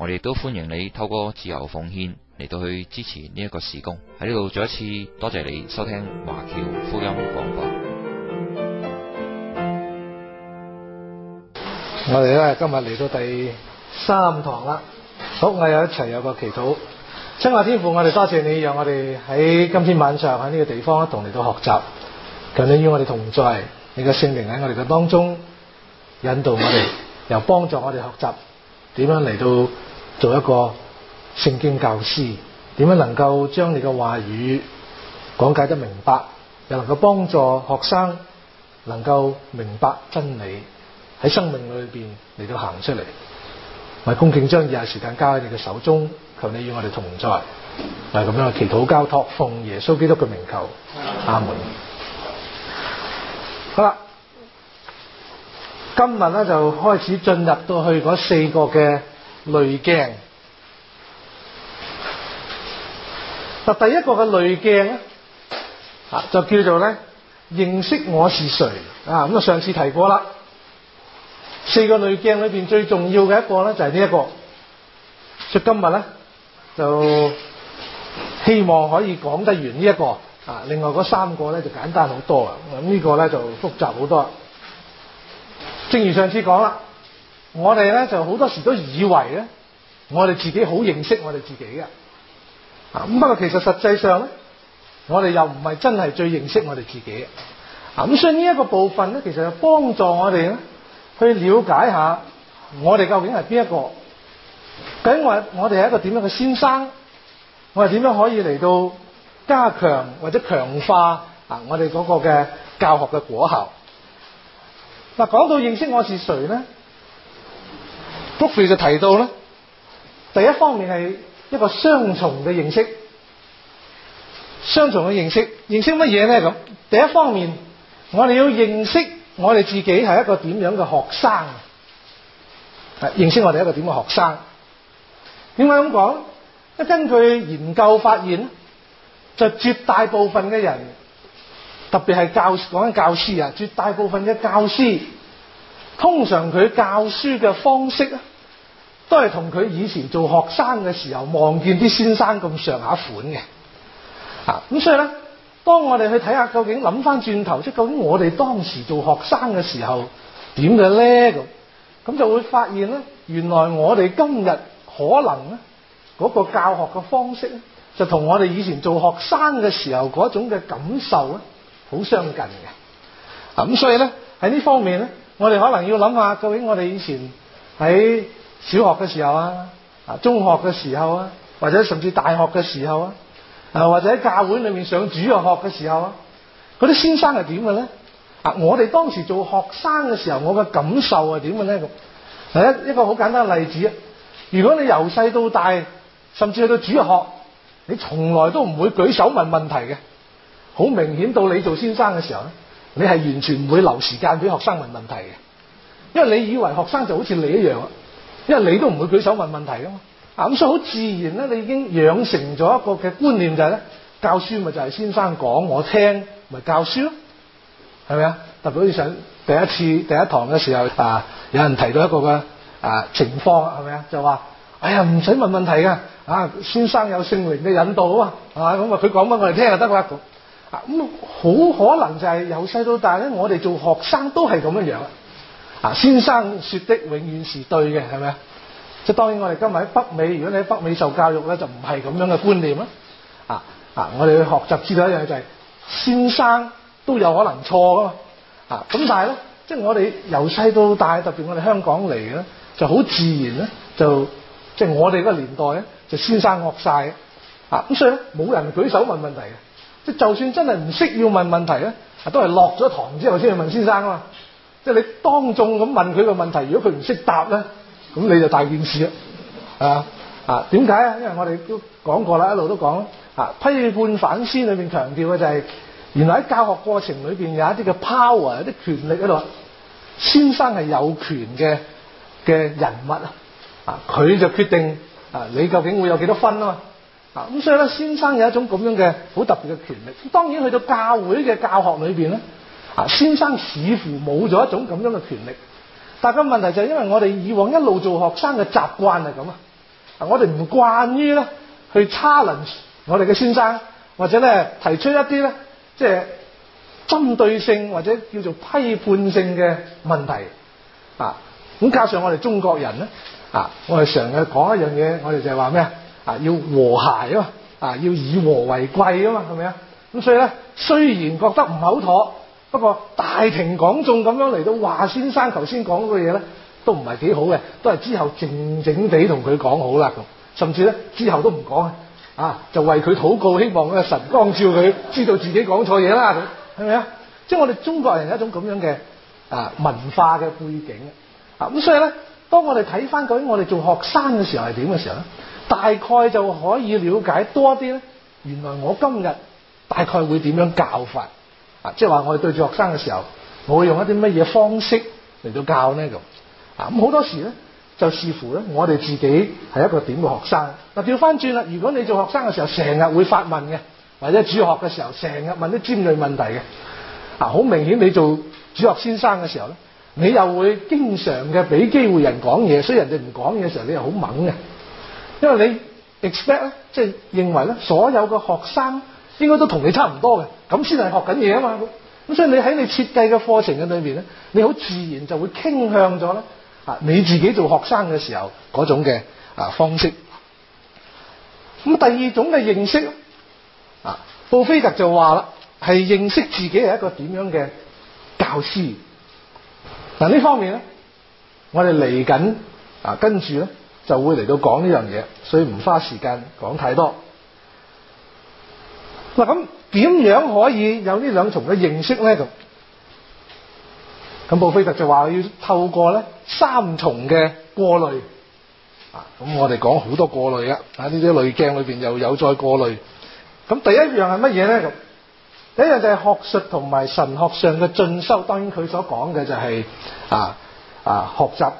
我哋都歡迎你透過自由奉獻嚟到去支持呢一個事工。喺呢度再一次多謝你收聽華僑福音廣播。我哋咧今日嚟到第三堂啦。好，我哋又一齊有個祈禱。親愛嘅天父，我哋多謝你，讓我哋喺今天晚上喺呢個地方同你到學習。求你與我哋同在，你嘅聖靈喺我哋嘅當中引導我哋，又幫助我哋學習點樣嚟到。做一個聖經教師，點樣能夠將你嘅話語講解得明白，又能夠幫助學生能夠明白真理喺生命裏邊嚟，到行出嚟。咪恭敬將以下時間交喺你嘅手中，求你與我哋同在，係咁樣祈禱交託，奉耶穌基督嘅名求，阿門。好啦，今日咧就開始進入到去嗰四個嘅濾鏡，嗱，第一個嘅濾鏡咧，啊，就叫做咧認識我是誰啊，咁啊，上次提過啦，四個濾鏡裏邊最重要嘅一個咧就係呢一個，所以今日咧就希望可以講得完呢、這、一個，啊，另外嗰三個咧就簡單好多啊，咁、這、呢個咧就複雜好多，正如上次講啦。我哋咧就好多時都以為咧，我哋自己好認識我哋自己嘅。咁、啊、不過其實實際上咧，我哋又唔係真係最認識我哋自己嘅。咁、啊、所以呢一個部分咧，其實就幫助我哋咧去了解下我哋究竟係邊一個，究竟我我哋係一個點樣嘅先生，我哋點樣可以嚟到加強或者強化啊我哋嗰個嘅教學嘅果效。嗱、啊，講到認識我是誰咧？福 o 就提到咧，第一方面係一個雙重嘅認識，雙重嘅認識，認識乜嘢咧咁？第一方面，我哋要認識我哋自己係一個點樣嘅學生，認識我哋一個點嘅學生。點解咁講？因根據研究發現，就絕大部分嘅人，特別係教講緊教師啊，絕大部分嘅教師，通常佢教書嘅方式咧，都係同佢以前做學生嘅時候望見啲先生咁上下款嘅，啊咁所以咧，當我哋去睇下究竟諗翻轉頭，即究竟我哋當時做學生嘅時候點嘅咧咁，咁就會發現咧，原來我哋今日可能咧嗰個教學嘅方式咧，就同我哋以前做學生嘅時候嗰種嘅感受咧，好相近嘅。啊咁所以咧喺呢方面咧，我哋可能要諗下究竟我哋以前喺小學嘅時候啊，啊中學嘅時候啊，或者甚至大學嘅時候啊，啊或者喺教會裏面上主日學嘅時候啊，嗰啲先生係點嘅咧？啊，我哋當時做學生嘅時候，我嘅感受係點嘅咧？咁，第一一個好簡單嘅例子啊，如果你由細到大，甚至去到主日學，你從來都唔會舉手問問題嘅，好明顯到你做先生嘅時候咧，你係完全唔會留時間俾學生問問題嘅，因為你以為學生就好似你一樣因為你都唔會舉手問問題噶嘛，啊咁所以好自然咧，你已經養成咗一個嘅觀念就係、是、咧，教書咪就係先生講我聽，咪教書咯，係咪啊？特別好似上第一次第一堂嘅時候啊，有人提到一個嘅啊情況，係咪啊？就話哎呀唔使問問題嘅，啊先生有聖靈嘅引導啊，係嘛，咁啊佢講俾我哋聽就得啦，啊咁好、嗯、可能就係由細到大咧，我哋做學生都係咁樣樣。啊！先生說的永遠是對嘅，係咪啊？即係當然，我哋今日喺北美，如果你喺北美受教育咧，就唔係咁樣嘅觀念啦。啊啊！我哋去學習知道一樣嘢就係，先生都有可能錯噶嘛。啊咁，但係咧，即係我哋由細到大，特別我哋香港嚟咧，就好自然咧，就即係我哋嗰個年代咧，就先生惡晒啊！咁所以咧，冇人舉手問問題嘅。即係就算真係唔識要問問題咧，都係落咗堂之後先去問先生啊。即係你當眾咁問佢個問題，如果佢唔識答咧，咁你就大件事啦，啊？點解啊呢？因為我哋都講過啦，一路都講啊，批判反思裏邊強調嘅就係，原來喺教學過程裏邊有一啲嘅 power，有啲權力喺度，先生係有權嘅嘅人物啊，啊，佢就決定啊你究竟會有幾多分啊嘛，啊咁所以咧，先生有一種咁樣嘅好特別嘅權力。當然去到教會嘅教學裏邊咧。啊！先生似乎冇咗一種咁樣嘅權力，但係個問題就係因為我哋以往一路做學生嘅習慣係咁啊！我哋唔慣於咧去 challenge 我哋嘅先生，或者咧提出一啲咧即係針對性或者叫做批判性嘅問題啊。咁加上我哋中國人咧啊，我哋成日講一樣嘢，我哋就係話咩啊？要和諧啊嘛，啊要以和為貴啊嘛，係咪啊？咁所以咧，雖然覺得唔係好妥。不過大庭廣眾咁樣嚟到華先生頭先講嘅嘢咧，都唔係幾好嘅，都係之後靜靜地同佢講好啦，甚至咧之後都唔講啊，就為佢禱告，希望神光照佢，知道自己講錯嘢啦，係咪啊？即係我哋中國人有一種咁樣嘅啊文化嘅背景啊，咁所以咧，當我哋睇翻究竟我哋做學生嘅時候係點嘅時候咧，大概就可以了解多啲咧，原來我今日大概會點樣教法。啊，即係話我哋對住學生嘅時候，我會用一啲乜嘢方式嚟到教呢咁啊？咁、嗯、好多時咧，就視乎咧我哋自己係一個點嘅學生。嗱，調翻轉啦，如果你做學生嘅時候，成日會發問嘅，或者主學嘅時候，成日問啲尖銳問題嘅，啊，好明顯你做主學先生嘅時候咧，你又會經常嘅俾機會人講嘢，所以人哋唔講嘢嘅時候，你又好猛嘅，因為你 expect 咧，即係認為咧，所有嘅學生，應該都同你差唔多嘅，咁先係學緊嘢啊嘛。咁所以你喺你設計嘅課程嘅裏面咧，你好自然就會傾向咗咧啊你自己做學生嘅時候嗰種嘅啊方式。咁第二種嘅認識啊，布菲特就話啦，係認識自己係一個點樣嘅教師。嗱，呢方面咧，我哋嚟緊啊跟住咧就會嚟到講呢樣嘢，所以唔花時間講太多。咁點樣可以有兩呢兩重嘅認識咧？咁咁巴菲特就話要透過呢三重嘅過濾，啊咁我哋講好多過濾啊！啊呢啲濾鏡裏面又有再過濾。咁第一樣係乜嘢咧？咁第一樣就係學術同埋神學上嘅進修。當然佢所講嘅就係、是、啊啊學習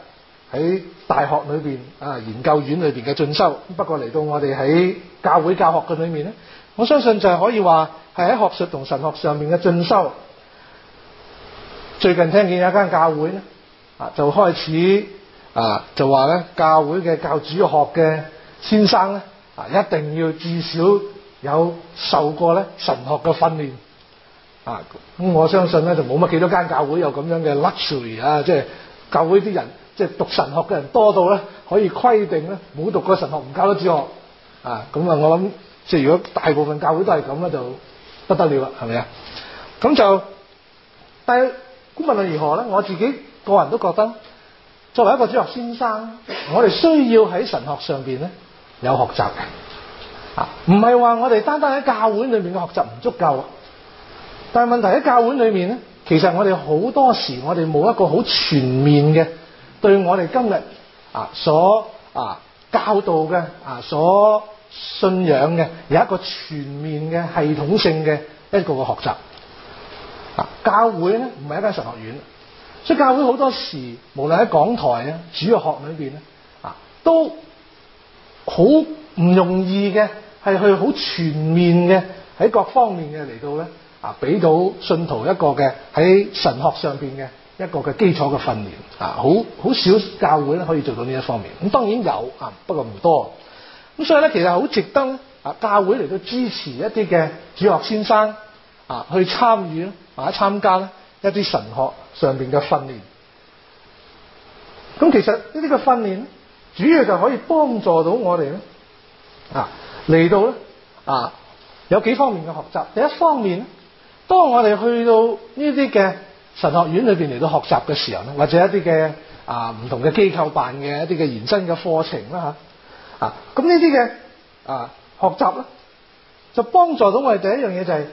喺大學裏面、啊研究院裏面嘅進修。不過嚟到我哋喺教會教學嘅裏面咧。我相信就係可以話係喺學術同神學上面嘅進修。最近聽見有一間教會咧啊，就開始啊就話咧教會嘅教主學嘅先生咧啊，一定要至少有受過咧神學嘅訓練啊。咁我相信咧就冇乜幾多間教會有咁樣嘅 luxury 啊，即係教會啲人即係讀神學嘅人多到咧可以規定咧冇讀過神學唔教得主學啊。咁啊，我諗。即係如果大部分教會都係咁咧，就不得了啦，係咪啊？咁就但係，估問論如何咧？我自己個人都覺得，作為一個主學先生，我哋需要喺神學上邊咧有學習嘅。啊，唔係話我哋單單喺教會裏面嘅學習唔足夠啊，但係問題喺教會裏面咧，其實我哋好多時，我哋冇一個好全面嘅對我哋今日啊所啊教導嘅啊所。信仰嘅有一個全面嘅系統性嘅一個嘅學習啊，教會咧唔係一間神學院，所以教會好多時無論喺港台啊主日學裏邊咧啊，都好唔容易嘅係去好全面嘅喺各方面嘅嚟到咧啊，俾到信徒一個嘅喺神學上邊嘅一個嘅基礎嘅訓練啊，好好少教會咧可以做到呢一方面，咁當然有啊，不過唔多。咁所以咧，其實好值得啊！教會嚟到支持一啲嘅主學先生啊，去參與或者參加咧一啲神學上面嘅訓練。咁其實呢啲嘅訓練主要就可以幫助到我哋咧啊嚟到咧啊有幾方面嘅學習。第一方面咧，當我哋去到呢啲嘅神學院裏邊嚟到學習嘅時候咧，或者一啲嘅啊唔同嘅機構辦嘅一啲嘅延伸嘅課程啦吓。啊！咁呢啲嘅啊，學習咧，就幫助到我哋第一樣嘢就係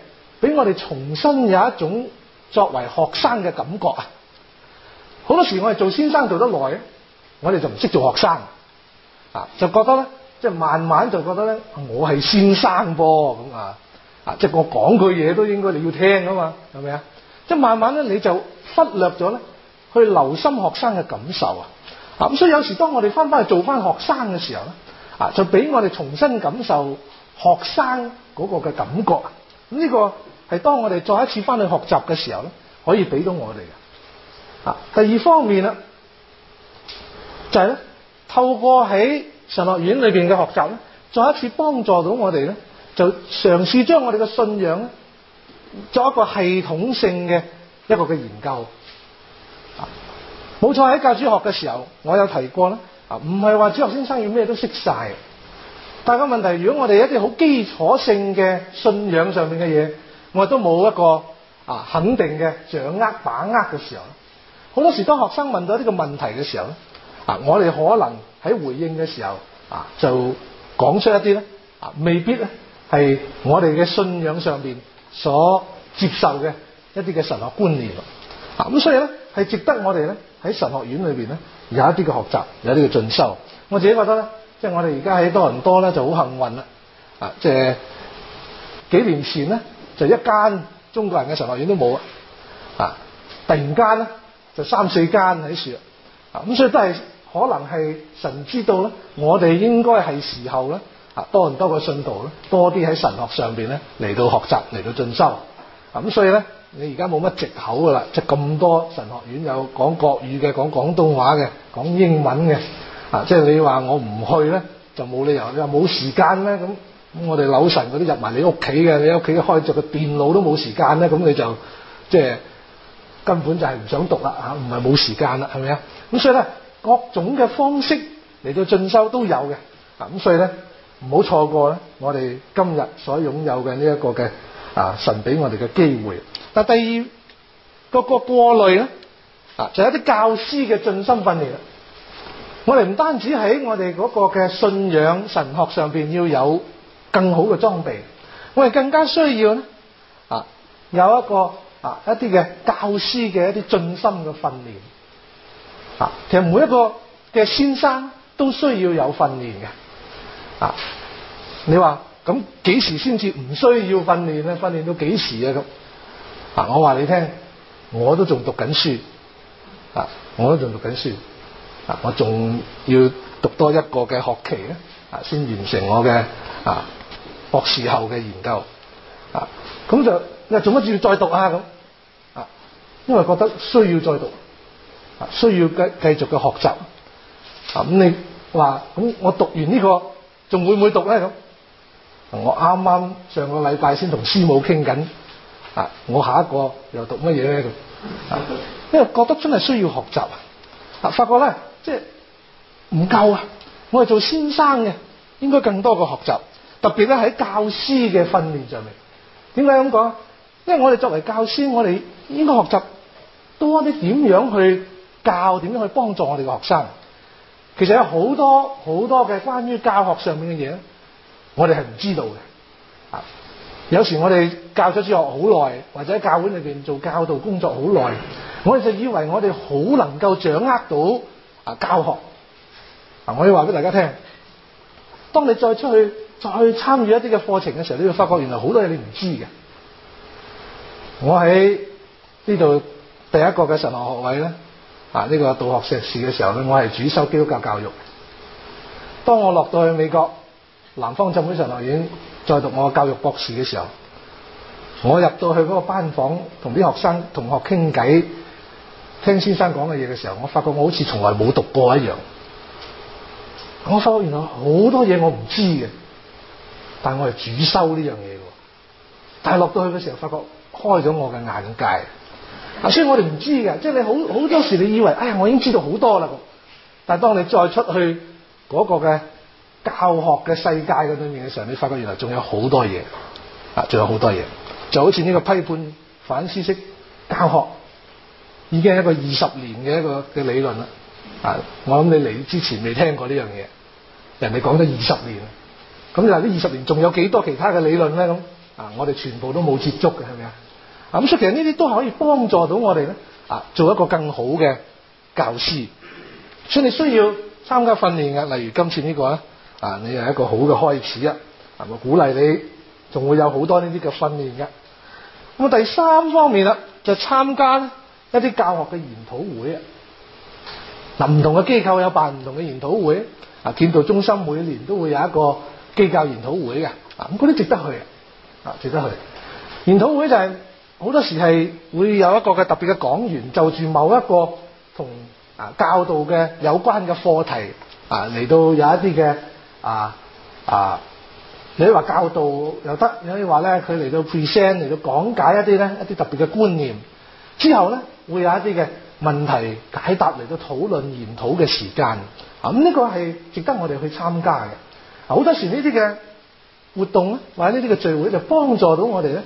俾我哋重新有一種作為學生嘅感覺啊！好多時我哋做先生做得耐咧，我哋就唔識做學生啊，就覺得咧，即係慢慢就覺得咧，我係先生噃咁啊，啊！即係我講句嘢都應該你要聽噶嘛，係咪啊？即係慢慢咧，你就忽略咗咧，去留心學生嘅感受啊！咁所以有時當我哋翻翻去做翻學生嘅時候咧。啊！就俾我哋重新感受學生嗰個嘅感覺，咁呢個係當我哋再一次翻去學習嘅時候咧，可以俾到我哋嘅。啊，第二方面啦，就係咧透過喺神學院裏邊嘅學習咧，再一次幫助到我哋咧，就嘗試將我哋嘅信仰咧，做一個系統性嘅一個嘅研究。冇錯喺教主學嘅時候，我有提過啦。啊，唔係話主日學先生要咩都識晒，但個問題，如果我哋一啲好基礎性嘅信仰上面嘅嘢，我哋都冇一個啊肯定嘅掌握、把握嘅時候，好多時當學生問到呢個問題嘅時候咧，啊，我哋可能喺回應嘅時候啊，就講出一啲咧啊，未必咧係我哋嘅信仰上邊所接受嘅一啲嘅神學觀念。啊，咁所以咧係值得我哋咧喺神學院裏邊咧。有一啲嘅學習，有一啲嘅進修。我自己覺得咧，即係我哋而家喺多倫多咧就好幸運啦。啊，即係幾年前咧，就一間中國人嘅神學院都冇啊。啊，突然間咧，就三四間喺處啦。啊，咁所以都係可能係神知道咧，我哋應該係時候咧，啊，多倫多嘅信徒咧，多啲喺神學上邊咧嚟到學習，嚟到進修。咁、啊、所以咧。你而家冇乜藉口㗎啦，即係咁多神學院有講國語嘅、講廣東話嘅、講英文嘅啊。即係你話我唔去咧，就冇理由；你話冇時間咧，咁我哋紐神嗰啲入埋你屋企嘅，你屋企開着個電腦都冇時間咧，咁你就即係根本就係唔想讀啦吓，唔係冇時間啦，係咪啊？咁所以咧，各種嘅方式嚟到進修都有嘅嗱。咁所以咧，唔好錯過呢，我哋今日所擁有嘅呢一個嘅啊，神俾我哋嘅機會。第二個個過濾咧，啊，就係、一啲教師嘅進心訓練啦。我哋唔單止喺我哋嗰個嘅信仰神學上面要有更好嘅裝備，我哋更加需要咧啊，有一個啊一啲嘅教師嘅一啲進心嘅訓練啊。其實每一個嘅先生都需要有訓練嘅啊。你話咁幾時先至唔需要訓練咧？訓練到幾時啊？咁？嗱、啊，我話你聽，我都仲讀緊書，啊，我都仲讀緊書，啊，我仲要讀多一個嘅學期咧，啊，先完成我嘅啊博士後嘅研究，啊，咁就你話做乜住要再讀啊咁，啊，因為覺得需要再讀，啊，需要繼繼續嘅學習，咁、啊、你話咁我讀完呢、呢個仲會唔會讀咧咁、啊？我啱啱上個禮拜先同師母傾緊。啊，我下一個又讀乜嘢咧？啊！因為覺得真係需要學習、啊，啊，發覺咧即係唔夠啊！我係做先生嘅，應該更多嘅學習，特別咧喺教師嘅訓練上面。點解咁講？因為我哋作為教師，我哋應該學習多啲點樣去教，點樣去幫助我哋嘅學生。其實有好多好多嘅關於教學上面嘅嘢咧，我哋係唔知道嘅。有時我哋教咗之學好耐，或者喺教會裏邊做教導工作好耐，我哋就以為我哋好能夠掌握到啊教學。嗱，我要話俾大家聽，當你再出去再去參與一啲嘅課程嘅時候，你會發覺原來好多嘢你唔知嘅。我喺呢度第一個嘅神學學位咧，啊、這、呢個道學碩士嘅時候咧，我係主修基督教教育。當我落到去美國。南方浸會上學院再讀我教育博士嘅時候，我入到去嗰個班房同啲學生同學傾偈，聽先生講嘅嘢嘅時候，我發覺我好似從來冇讀過一樣。我發覺原來好多嘢我唔知嘅，但是我係主修呢樣嘢嘅，但係落到去嘅時候發覺開咗我嘅眼界。啊，所以我哋唔知嘅，即係你好好多時你以為，哎呀，我已經知道好多啦，但係當你再出去嗰個嘅。教學嘅世界嗰裏面嘅時候，你發覺原來仲有好多嘢啊，仲有好多嘢，就好似呢個批判反思式教學，已經係一個二十年嘅一個嘅理論啦。啊，我諗你嚟之前未聽過呢樣嘢，人哋講咗二十年，咁就係呢二十年仲有幾多其他嘅理論咧？咁啊，我哋全部都冇接觸嘅，係咪啊？咁所以其實呢啲都可以幫助到我哋咧啊，做一個更好嘅教師。所以你需要參加訓練嘅，例如今次呢個啊。啊！你係一個好嘅開始啊，係咪？鼓勵你仲會有好多呢啲嘅訓練嘅。咁啊，第三方面啦，就是、參加一啲教學嘅研討會啊。嗱，唔同嘅機構有辦唔同嘅研討會啊。建造中心每年都會有一個基教研討會嘅啊，咁嗰啲值得去啊，值得去。研討會就係、是、好多時係會有一個嘅特別嘅講員就住某一個同啊教導嘅有關嘅課題啊嚟到有一啲嘅，啊啊！你可以話教導又得，你可以話咧佢嚟到 present 嚟到講解一啲咧一啲特別嘅觀念，之後咧會有一啲嘅問題解答嚟到討論研討嘅時間。啊，咁呢個係值得我哋去參加嘅。啊，好多時呢啲嘅活動咧，或者呢啲嘅聚會就幫助到我哋咧。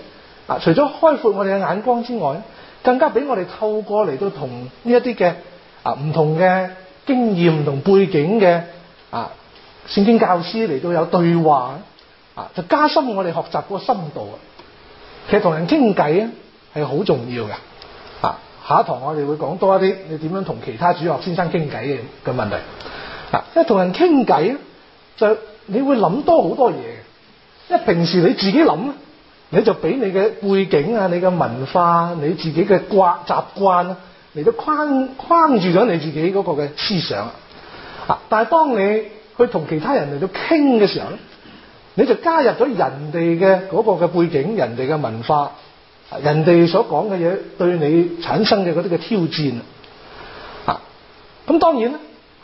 啊，除咗開闊我哋嘅眼光之外，咧，更加俾我哋透過嚟到、啊、同呢一啲嘅啊唔同嘅經驗同背景嘅啊。聖經教師嚟到有對話啊，就加深我哋學習嗰個深度啊。其實同人傾偈咧係好重要嘅啊。下一堂我哋會講多一啲，你點樣同其他主學先生傾偈嘅嘅問題啊。因為同人傾偈咧，就你會諗多好多嘢。因為平時你自己諗咧，你就俾你嘅背景啊、你嘅文化、你自己嘅慣習慣咧，嚟到框框住咗你自己嗰個嘅思想啊。但係當你佢同其他人嚟到傾嘅時候咧，你就加入咗人哋嘅嗰個嘅背景、人哋嘅文化、人哋所講嘅嘢，對你產生嘅嗰啲嘅挑戰啊。咁當然咧，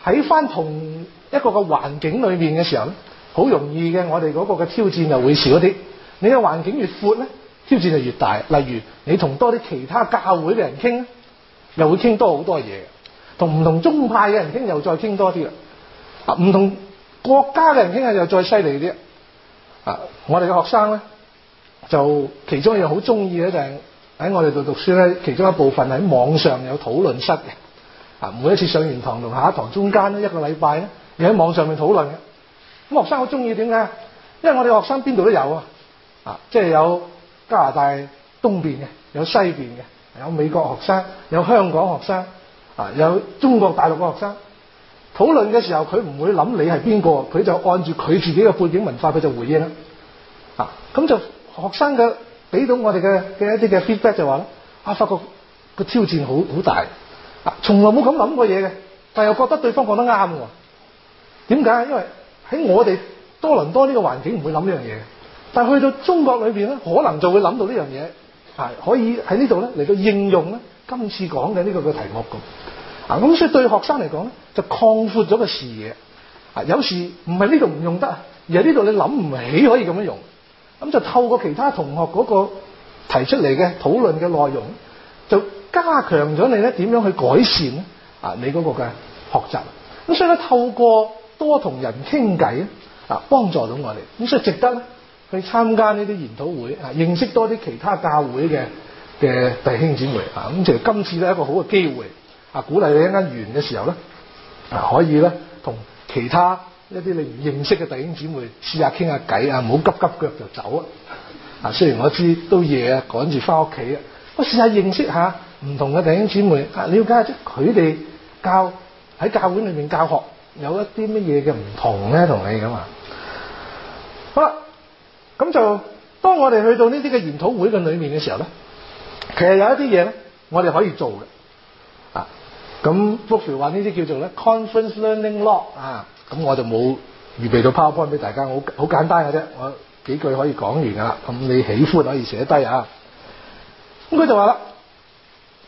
喺翻同一個嘅環境裏邊嘅時候咧，好容易嘅我哋嗰個嘅挑戰就會少啲。你嘅環境越闊咧，挑戰就越大。例如你同多啲其他教會嘅人傾咧，又會傾多好多嘢。同唔同宗派嘅人傾又再傾多啲啦。啊，唔同。國家嘅人傾下又再犀利啲，啊！我哋嘅學生咧，就其中一樣好中意嘅就係喺我哋度讀書咧，其中一部分喺網上有討論室嘅，啊！每一次上完堂同下一堂中間呢一個禮拜咧，你喺網上面討論嘅，咁學生好中意點解？因為我哋學生邊度都有啊，啊！即係有加拿大東邊嘅，有西邊嘅，有美國學生，有香港學生，啊，有中國大陸嘅學生。討論嘅時候，佢唔會諗你係邊個，佢就按住佢自己嘅背景文化，佢就回應啦。啊，咁就學生嘅俾到我哋嘅嘅一啲嘅 feedback 就話咧，啊，發覺個挑戰好好大，啊，從來冇咁諗過嘢嘅，但係又覺得對方講得啱嘅。啊，點解？因為喺我哋多倫多呢個環境唔會諗呢樣嘢，但係去到中國裏邊咧，可能就會諗到呢樣嘢，係，啊，可以喺呢度咧嚟到應用咧今次講嘅呢個嘅題目。嗱，咁所以對學生嚟講咧，就擴闊咗個視野。啊，有時唔係呢度唔用得，而係呢度你諗唔起可以咁樣用。咁就透過其他同學嗰個提出嚟嘅討論嘅內容，就加強咗你咧點樣去改善咧啊！你嗰個嘅學習。咁所以咧，透過多同人傾偈咧，啊，幫助到我哋。咁所以值得咧去參加呢啲研討會啊，認識多啲其他教會嘅嘅弟兄姊妹啊。咁其實今次咧一個好嘅機會。啊！鼓勵你一間完嘅時候咧，可以咧同其他一啲你唔認識嘅弟兄姊妹試下傾下偈啊！唔好急急腳就走啊！啊，雖然我知都夜啊，趕住返屋企啊，我試下認識下唔同嘅弟兄姊妹啊，瞭解下佢哋教喺教會裏面教學有一啲乜嘢嘅唔同咧，同你咁啊！好啦，咁就當我哋去到呢啲嘅研討會嘅裏面嘅時候咧，其實有一啲嘢咧，我哋可以做嘅。咁福 sir 話呢啲叫做咧 conference learning log 啊，咁我就冇預備到 powerpoint 俾大家，好好簡單嘅啫，我幾句可以講完啦。咁你喜歡可以寫低啊。咁佢就話啦，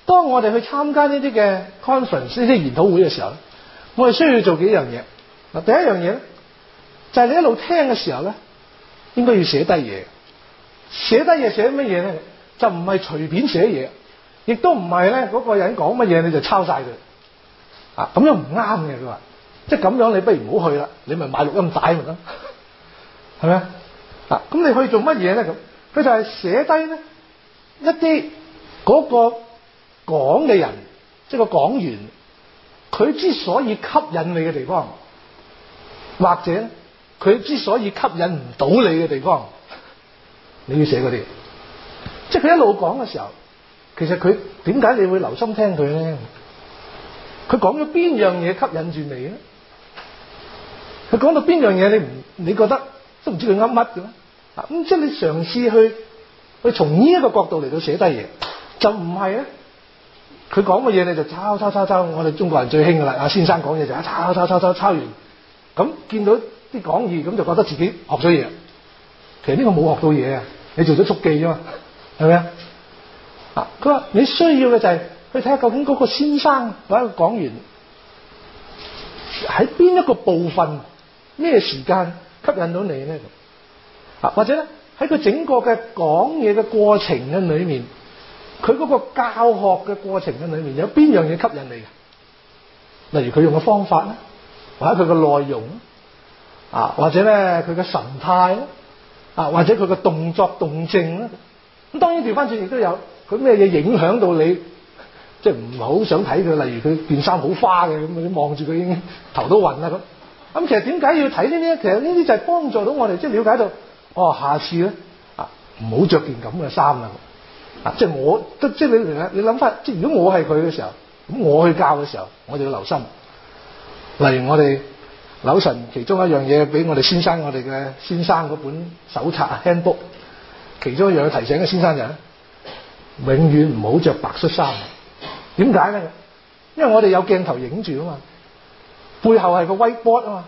當我哋去參加呢啲嘅 conference 呢啲研討會嘅時候咧，我哋需要做幾樣嘢。嗱，第一樣嘢咧，就係你一路聽嘅時候咧，應該要寫低嘢。寫低嘢寫乜嘢咧？就唔係隨便寫嘢。亦都唔係咧，嗰個人講乜嘢你就抄晒佢啊？咁樣唔啱嘅，佢話即係咁樣，你不如唔好去啦，你咪買錄音帶咪得，係咪啊？嗱，咁你去做乜嘢咧？咁佢就係寫低咧一啲嗰個講嘅人，即係個講員，佢之所以吸引你嘅地方，或者佢之所以吸引唔到你嘅地方，你要寫嗰啲，即係佢一路講嘅時候。其實佢點解你會留心聽佢咧？佢講咗邊樣嘢，吸引住你咧？佢講到邊樣嘢你唔你覺得都唔知佢噏乜嘅？啊，咁即係你嘗試去去從呢一個角度嚟到寫低嘢，就唔係啊！佢講嘅嘢你就抄抄抄抄，我哋中國人最興噶啦！啊，先生講嘢就抄抄抄抄抄完，咁見到啲講義咁就覺得自己學咗嘢。其實呢個冇學到嘢啊！你做咗速記啫嘛，係咪啊？佢話你需要嘅就係去睇下究竟嗰個先生或者、嗰個、講員喺邊一個部分咩時間吸引到你呢？啊，或者咧喺佢整個嘅講嘢嘅過程嘅裏面，佢嗰個教學嘅過程嘅裏面有邊樣嘢吸引你嘅？例如佢用嘅方法咧，或者佢嘅內容啊，或者咧佢嘅神態啊，或者佢嘅動作動靜咧，咁當然調翻轉亦都有。佢咩嘢影響到你，即係唔好想睇佢。例如佢件衫好花嘅咁，你望住佢已經頭都暈啦咁。咁其實點解要睇呢啲咧？其實呢啲就係幫助到我哋，即係了解到哦，下次咧啊，唔好着件咁嘅衫啦。啊，即係我都即係你你諗翻，即係如果我係佢嘅時候，咁我去教嘅時候，我哋要留心。例如我哋扭神其中一樣嘢俾我哋先生，我哋嘅先生嗰本手冊 handbook，其中一樣要提醒嘅先生就係咧。永遠唔好着白色衫，點解咧？因為我哋有鏡頭影住啊嘛，背後係個 whiteboard 啊嘛，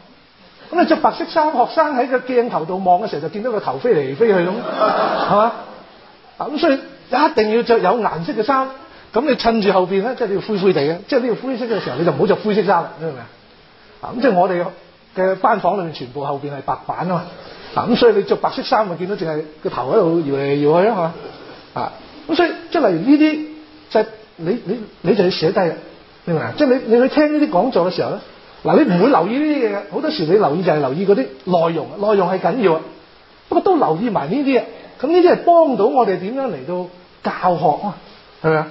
咁你着白色衫，學生喺個鏡頭度望嘅時候就見到個頭飛嚟飛去咁，係 嘛？咁所以一定要着有顏色嘅衫，咁你趁住後邊咧，即係呢個灰灰地嘅，即係呢個灰色嘅時候，你就唔好着灰色衫啦，明唔明啊？咁即係我哋嘅班房裏面全部後邊係白板啊嘛，咁所以你着白色衫咪見到淨係個頭喺度搖嚟搖去咯，係嘛？啊！咁所以即係例如呢啲就係、是、你你你就要寫低啦，明唔明啊？即、就、係、是、你你去聽呢啲講座嘅時候咧，嗱你唔會留意呢啲嘢，好多時你留意就係留意嗰啲內容，內容係緊要啊。不過都留意埋呢啲，咁呢啲係幫到我哋點樣嚟到教學是不是啊，係、嗯、咪啊？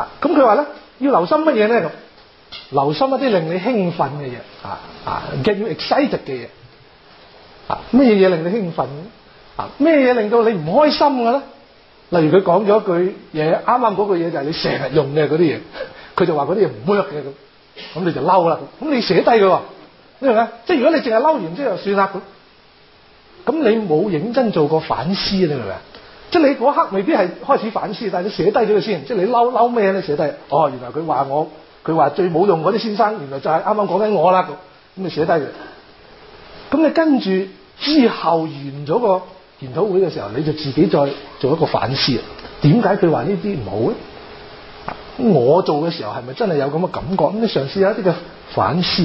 啊，咁佢話咧，要留心乜嘢咧？留心一啲令你興奮嘅嘢啊啊，get excited 嘅嘢啊，咩嘢令你興奮啊？咩嘢令到你唔開心嘅咧？例如佢講咗句嘢，啱啱嗰句嘢就係你成日用嘅嗰啲嘢，佢就話嗰啲嘢唔 work 嘅咁，咁你就嬲啦。咁你寫低佢，你明唔明？即係如果你淨係嬲完之後就算啦，咁，咁你冇認真做過反思，你明唔明？即係你嗰刻未必係開始反思，但係你寫低咗佢先。即係你嬲嬲咩咧？寫低，哦，原來佢話我，佢話最冇用嗰啲先生，原來就係啱啱講緊我啦。咁咁你寫低佢，咁你跟住之後完咗個研討會嘅時候，你就自己再做一個反思，點解佢話呢啲唔好咧？我做嘅時候係咪真係有咁嘅感覺？咁你嘗試有一啲嘅反思，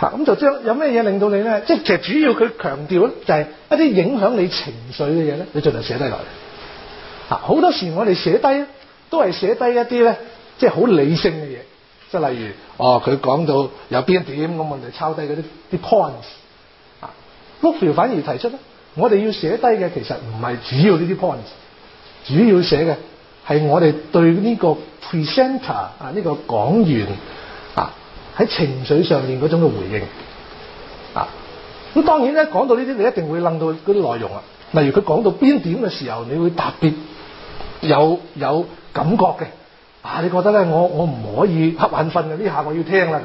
嗱，咁就即有咩嘢令到你咧？即係其實主要佢強調咧，就係一啲影響你情緒嘅嘢咧。你盡量寫低落嚟，吓好多時我哋寫低都係寫低一啲咧，即係好理性嘅嘢，即係例如哦，佢講到有邊一點咁，我哋抄低嗰啲啲 points，阿 l u 反而提出咧。我哋要寫低嘅其實唔係主要呢啲 points，主要寫嘅係我哋對呢個 presenter 啊，呢個講員啊喺情緒上面嗰種嘅回應啊，咁當然咧，講到呢啲你一定會愣到嗰啲內容啦，例如佢講到邊點嘅時候，你會特別有有感覺嘅啊，你覺得咧我我唔可以瞌眼瞓嘅，呢下我要聽啦，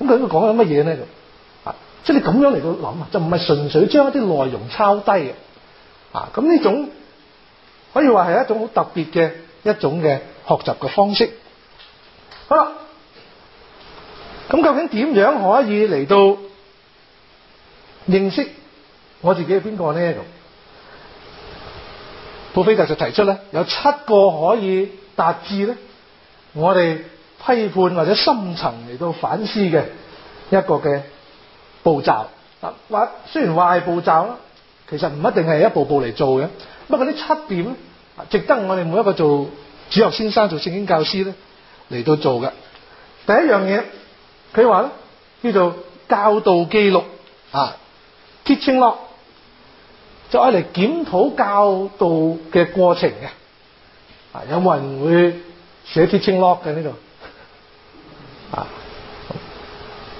咁佢喺度講緊乜嘢咧？即係你咁樣嚟到諗啊，就唔係純粹將一啲內容抄低嘅，啊咁呢種可以話係一種好特別嘅一種嘅學習嘅方式。好啦，咁究竟點樣可以嚟到認識我自己係邊個咧？布菲特就提出咧，有七個可以達至咧，我哋批判或者深層嚟到反思嘅一個嘅。步驟嗱，話雖然話係步驟啦，其實唔一定係一步步嚟做嘅。不過呢七點咧，值得我哋每一個做主學先生、做聖經教師咧嚟到做嘅。第一樣嘢，佢話咧叫做教導記錄啊，Teaching Log 就係嚟檢討教導嘅過程嘅。啊，有冇人會寫 Teaching Log 嘅呢度？啊，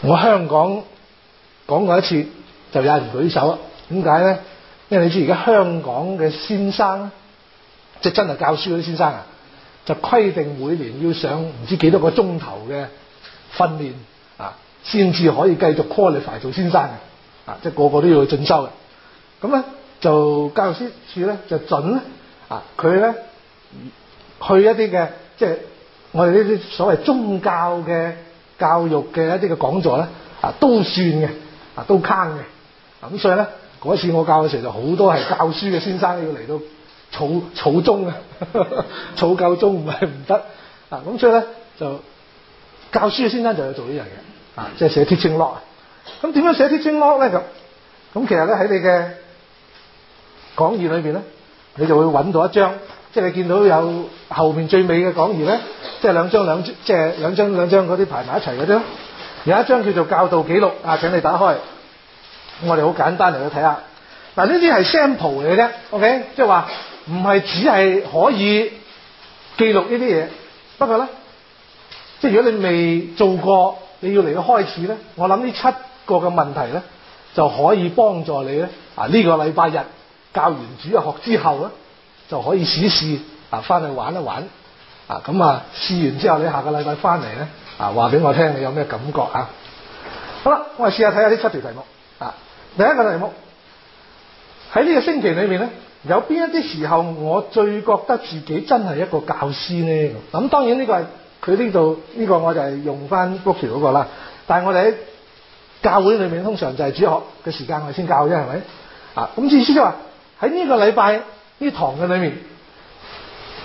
我香港。講過一次就有人舉手啦，點解咧？因為你知而家香港嘅先生，即係真係教書嗰啲先生啊，就規定每年要上唔知幾多個鐘頭嘅訓練啊，先至可以繼續 qualify 做先生嘅啊，即係個個都要去進修嘅。咁咧就教育署咧就準咧啊，佢咧去一啲嘅即係我哋呢啲所謂宗教嘅教育嘅一啲嘅講座咧啊都算嘅。嗱都坑嘅，咁所以咧嗰次我教嘅時候，就好多係教書嘅先生要嚟到草草中啊，呵呵草教中唔係唔得，啊咁所以咧就教書嘅先生就要做呢樣嘢，啊即係、就是、寫 teaching log，咁點樣寫 teaching log 咧咁？咁其實咧喺你嘅講義裏邊咧，你就會揾到一張，即、就、係、是、你見到有後面最尾嘅講義咧，即、就、係、是、兩張兩即係、就是、兩張兩張嗰啲排埋一齊嗰啲咯。有一張叫做教導記錄啊，請你打開。我哋好簡單嚟去睇下。嗱呢啲係 sample 嚟嘅啫，OK，即係話唔係只係可以記錄呢啲嘢。不過咧，即係如果你未做過，你要嚟到開始咧，我諗呢七個嘅問題咧就可以幫助你咧。啊，呢個禮拜日教完主日學之後咧，就可以試試啊，翻去玩一玩啊。咁啊，試完之後你下個禮拜翻嚟咧。啊！話俾我聽，你有咩感覺啊？好啦，我哋試下睇下呢七條題目。啊，第一個題目喺呢個星期裏面咧，有邊一啲時候我最覺得自己真係一個教師呢？咁當然呢個係佢呢度呢個我就係用翻 book 條嗰個啦。但係我哋喺教會裏面通常就係主學嘅時間我哋先教啫，係咪？啊，咁意思即係話喺呢個禮拜呢堂嘅裏面，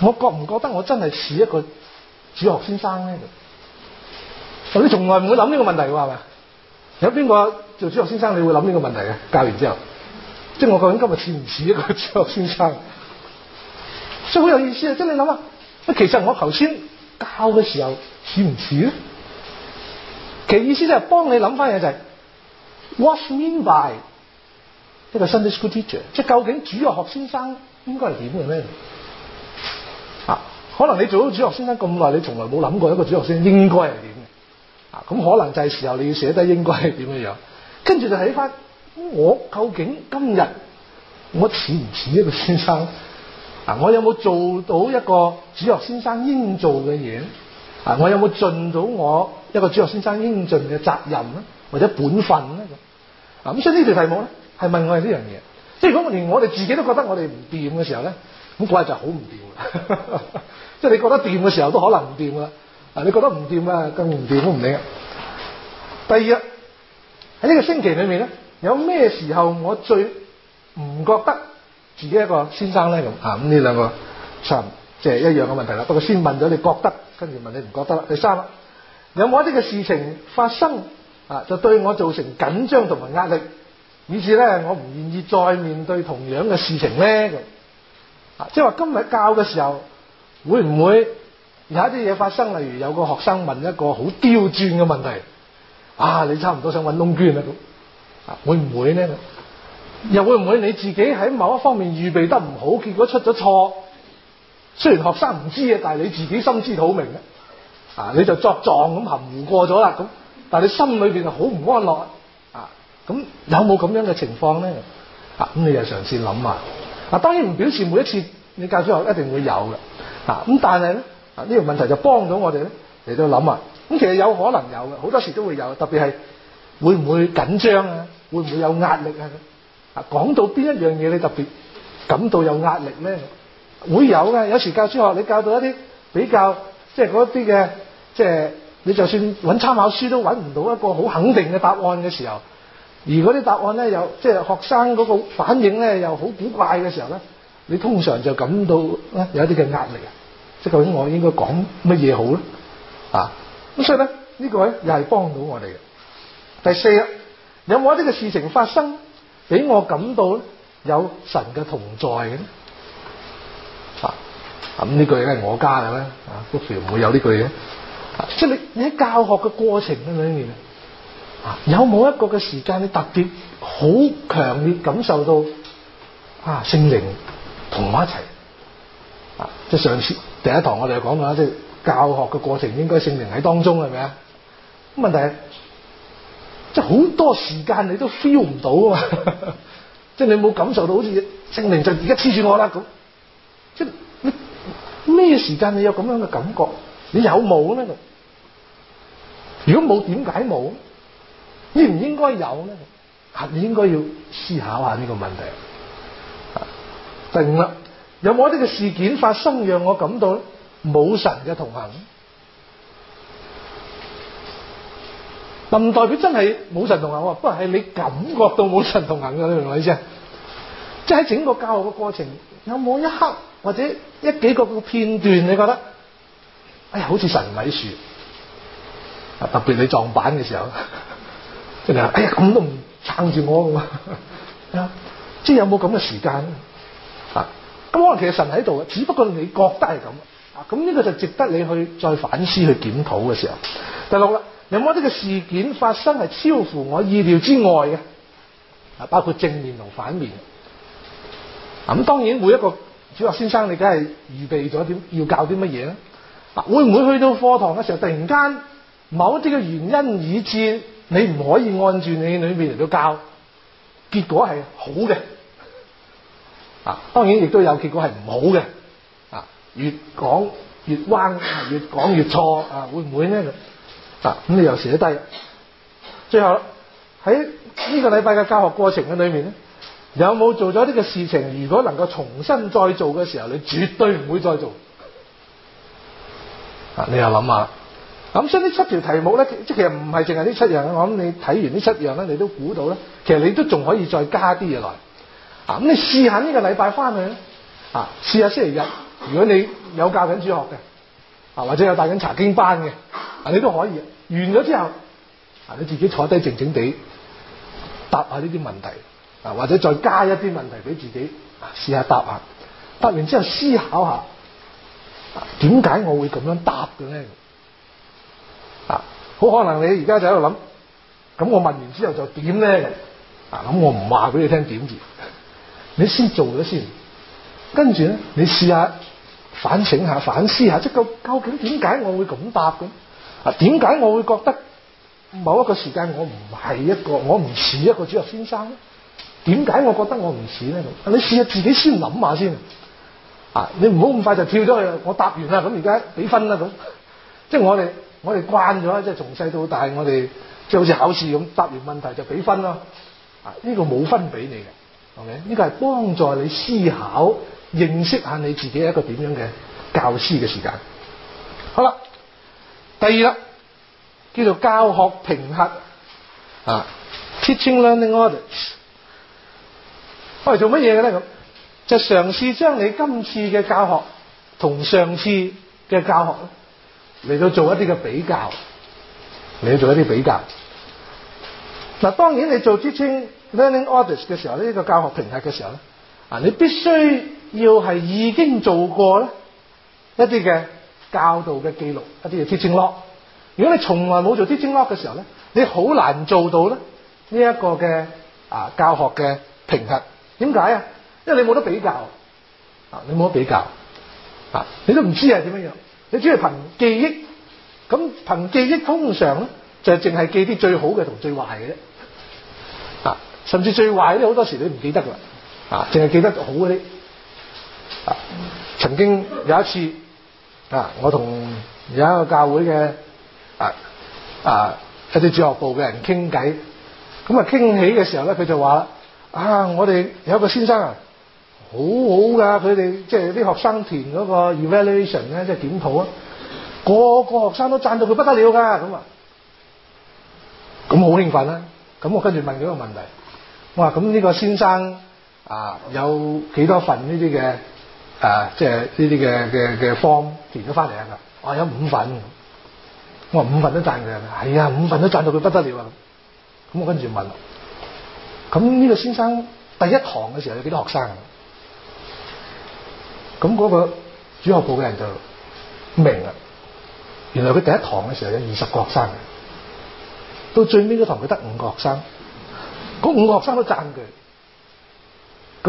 我覺唔覺得我真係似一個主學先生咧？你從來唔會諗呢個問題喎係咪？有邊個做主學先生？你會諗呢個問題嘅教完之後，即係我究竟今日似唔似一個主學先生？所以好有意思啊！即係你諗下，其實我頭先教嘅時候似唔似咧？其實意思就係、是、幫你諗翻嘢就係、是、：What's mean by 一個 Sunday school teacher？即係究竟主學先生應該係點嘅咩？啊，可能你做咗主學先生咁耐，你從來冇諗過一個主學先生應該係點？啊，咁可能就係時候你要寫低應該係點樣樣，跟住就睇翻我究竟今日我似唔似一個先生？啊，我有冇做到一個主學先生應做嘅嘢？啊，我有冇盡到我一個主學先生應盡嘅責任咧，或者本分咧？咁啊，咁所以呢條題目咧係問我哋呢樣嘢，即係如果我連我哋自己都覺得我哋唔掂嘅時候咧，咁嗰日就好唔掂啦。即 係你覺得掂嘅時候都可能唔掂啦。啊！你覺得唔掂啊，更唔掂都唔理啊。第二，喺呢個星期裏面咧，有咩時候我最唔覺得自己一個先生咧咁啊？咁呢兩個就即係一樣嘅問題啦。不過先問咗你覺得，跟住問你唔覺得啦。第三，有冇一啲嘅事情發生啊？就對我造成緊張同埋壓力，以至咧我唔願意再面對同樣嘅事情咧咁啊！即係話今日教嘅時候，會唔會？有一啲嘢發生，例如有個學生問一個好刁鑽嘅問題，啊，你差唔多想揾窿捐啦咁啊，會唔會呢？又會唔會你自己喺某一方面預備得唔好，結果出咗錯？雖然學生唔知嘅，但係你自己心知肚明嘅啊，你就作狀咁含糊過咗啦咁，但係你心裏邊係好唔安樂啊。咁有冇咁樣嘅情況咧？啊，咁你又嘗試諗啊。嗱，當然唔表示每一次你教書後一定會有嘅啊。咁但係咧。啊！呢個問題就幫到我哋咧嚟到諗啊！咁其實有可能有嘅，好多時都會有，特別係會唔會緊張啊？會唔會有壓力啊？啊！講到邊一樣嘢，你特別感到有壓力咧？會有嘅。有時教書學，你教到一啲比較即係嗰啲嘅，即係你就算揾參考書都揾唔到一個好肯定嘅答案嘅時候，而嗰啲答案咧又即係學生嗰個反應咧又好古怪嘅時候咧，你通常就感到咧有一啲嘅壓力。即究竟我應該講乜嘢好咧？啊，咁所以咧呢個咧又係幫到我哋嘅。第四啊，有冇一啲嘅事情發生俾我感到有神嘅同在嘅？啊，咁呢句嘢係我加嘅咧，啊，book 度唔會有呢句嘢。啊，即係、啊就是、你你喺教學嘅過程裏面，啊，有冇一個嘅時間你特別好強烈感受到啊聖靈同我一齊？啊，即係上次。第一堂我哋就講啦，即係教學嘅過程應該聖靈喺當中係咪啊？問題係即係好多時間你都 feel 唔到啊嘛，即係你冇感受到好似聖靈就而家黐住我啦咁，即係咩時間你有咁樣嘅感覺？你有冇咧？如果冇，點解冇？你應唔應該有咧？吓，你應該要思考下呢個問題。第五啦。有冇一啲嘅事件發生，讓我感到冇神嘅同行？嗱，唔代表真係冇神同行，不過係你感覺到冇神同行嘅，你明唔明意思？即係喺整個教學嘅過程，有冇一刻或者一幾個片段，你覺得哎呀，好似神唔喺度？特別你撞板嘅時候，即係哎呀，咁都唔撐住我噶嘛？即係有冇咁嘅時間？咁可能其實神喺度嘅，只不過你覺得係咁，咁呢個就值得你去再反思、去檢討嘅時候。第六啦，有冇一啲嘅事件發生係超乎我意料之外嘅？啊，包括正面同反面。咁當然每一個主日學先生，你梗係預備咗啲要教啲乜嘢啊？會唔會去到課堂嘅時候，突然間某一啲嘅原因以，以至你唔可以按住你裏面嚟，到教，結果係好嘅。啊，當然亦都有結果係唔好嘅，啊，越講越彎，越講越錯，啊，會唔會呢？啊，咁你又寫低。最後喺呢個禮拜嘅教學過程嘅裏面咧，有冇做咗呢個事情？如果能夠重新再做嘅時候，你絕對唔會再做。啊，你又諗下，咁、啊、所以呢七條題目咧，即其實唔係淨係呢七樣。我諗你睇完呢七樣咧，你都估到咧，其實你都仲可以再加啲嘢嚟。啊！咁你試下呢個禮拜返去啊，試下星期日。如果你有教緊主學嘅啊，或者有帶緊查經班嘅、啊，你都可以。完咗之後啊，你自己坐低靜靜地答下呢啲問題啊，或者再加一啲問題俾自己試、啊、下答下。答完之後思考下，點解我會咁樣答嘅咧？啊，好、啊、可能你而家就喺度諗，咁我問完之後就點咧？啊，咁我唔話俾你聽點。你先做咗先，跟住咧，你試下反省下、反思下，即究究竟點解我會咁答嘅？啊，點解我會覺得某一個時間我唔係一個，我唔似一個主日學先生咧？點解我覺得我唔似咧？咁你試下自己先諗下先，啊，你唔好咁快就跳咗去，我答完啦，咁而家俾分啦，咁即係我哋我哋慣咗，即係從細到大，我哋即係好似考試咁，答完問題就俾分咯，啊、這個，呢個冇分俾你嘅。OK，呢個係幫助你思考、認識下你自己一個點樣嘅教師嘅時間。好啦，第二啦，叫做教學評核啊，teaching learning audit，我嚟、啊、做乜嘢嘅咧？就嘗試將你今次嘅教學同上次嘅教學嚟到做一啲嘅比較，嚟到做一啲比較。嗱、啊，當然你做知青。learning audit 嘅時候，呢、這、一個教學評核嘅時候咧，啊，你必須要係已經做過咧一啲嘅教導嘅記錄，一啲嘅 teaching log。如果你從來冇做 teaching log 嘅時候咧，你好難做到咧呢一個嘅啊教學嘅評核。點解啊？因為你冇得比較啊，你冇得比較啊，你都唔知係點樣樣。你只係憑記憶，咁憑記憶通常咧就係淨係記啲最好嘅同最壞嘅啫。甚至最壞嗰啲，好多時你唔記得噶啦，啊，淨係記得好啲。啊，曾經有一次，啊，我同有一個教會嘅啊啊一啲主學部嘅人傾偈，咁啊傾起嘅時候咧，佢就話：啊，我哋有一個先生啊，好好噶，佢哋即係啲學生填個 evaluation 咧，即係檢討啊，個個學生都讚到佢不得了噶，咁啊，咁好興奮啦，咁我跟住問佢一個問題。我話咁呢個先生啊，有幾多份呢啲嘅啊即係呢啲嘅嘅嘅 form 填咗翻嚟啊？我、就是啊、有五份，我話五份都賺㗎。係、哎、啊，五份都賺到佢不得了啊！咁我跟住問，咁呢個先生第一堂嘅時候有幾多學生？咁嗰個主學部嘅人就明啦，原來佢第一堂嘅時候有二十個學生，到最尾嗰堂佢得五個學生。嗰五個學生都讚佢，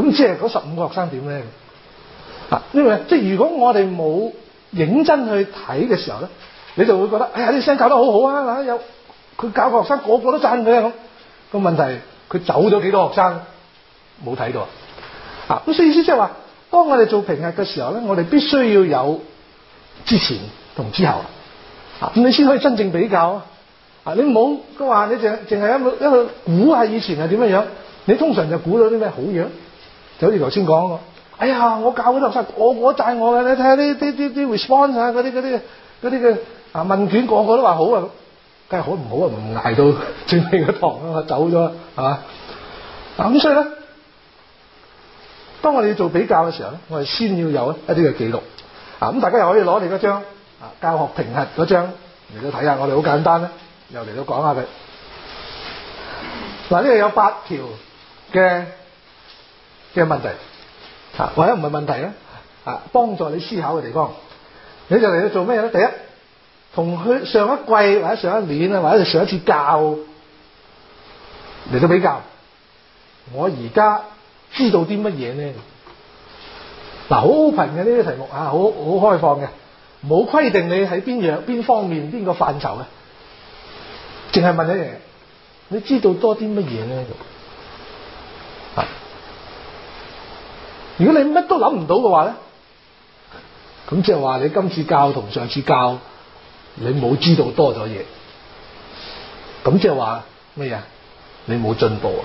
咁即係嗰十五個學生點咧？啊，因為即係如果我哋冇認真去睇嘅時候咧，你就會覺得，哎呀啲聲教得好好啊，嗱有佢教嘅學生、那個個都讚佢啊，咁、那個問題佢走咗幾多學生？冇睇到啊，咁、啊、所以意思即係話，當我哋做評核嘅時候咧，我哋必須要有之前同之後，咁、啊、你先可以真正比較啊。啊！你唔好都話你淨淨係一個一個估下以前係點樣樣，你通常就估到啲咩好嘢？就好似頭先講個。哎呀，我教嗰度真，我我帶我嘅你睇下啲啲啲 response 啊，嗰啲啲啲嘅啊問卷，個個都話好啊，梗係好唔好啊？唔挨到正尾個堂啊，走咗係嘛？啊咁所以咧，當我哋做比較嘅時候咧，我哋先要有一啲嘅記錄。啊咁，大家又可以攞你嗰張啊教學評核嗰張嚟到睇下，我哋好簡單咧。又嚟到講下佢嗱，呢度有八條嘅嘅問題，或者唔係問題咧，啊幫助你思考嘅地方，你就嚟到做咩咧？第一，同佢上一季或者上一年啊，或者上一次教嚟到比較，我而家知道啲乜嘢咧？嗱，好 open 嘅呢啲題目啊，好好開放嘅，冇規定你喺邊樣、邊方面、邊個範疇嘅。淨係問你嘢，你知道多啲乜嘢咧？啊！如果你乜都諗唔到嘅話咧，咁即係話你今次教同上次教，你冇知道多咗嘢，咁即係話乜嘢？你冇進步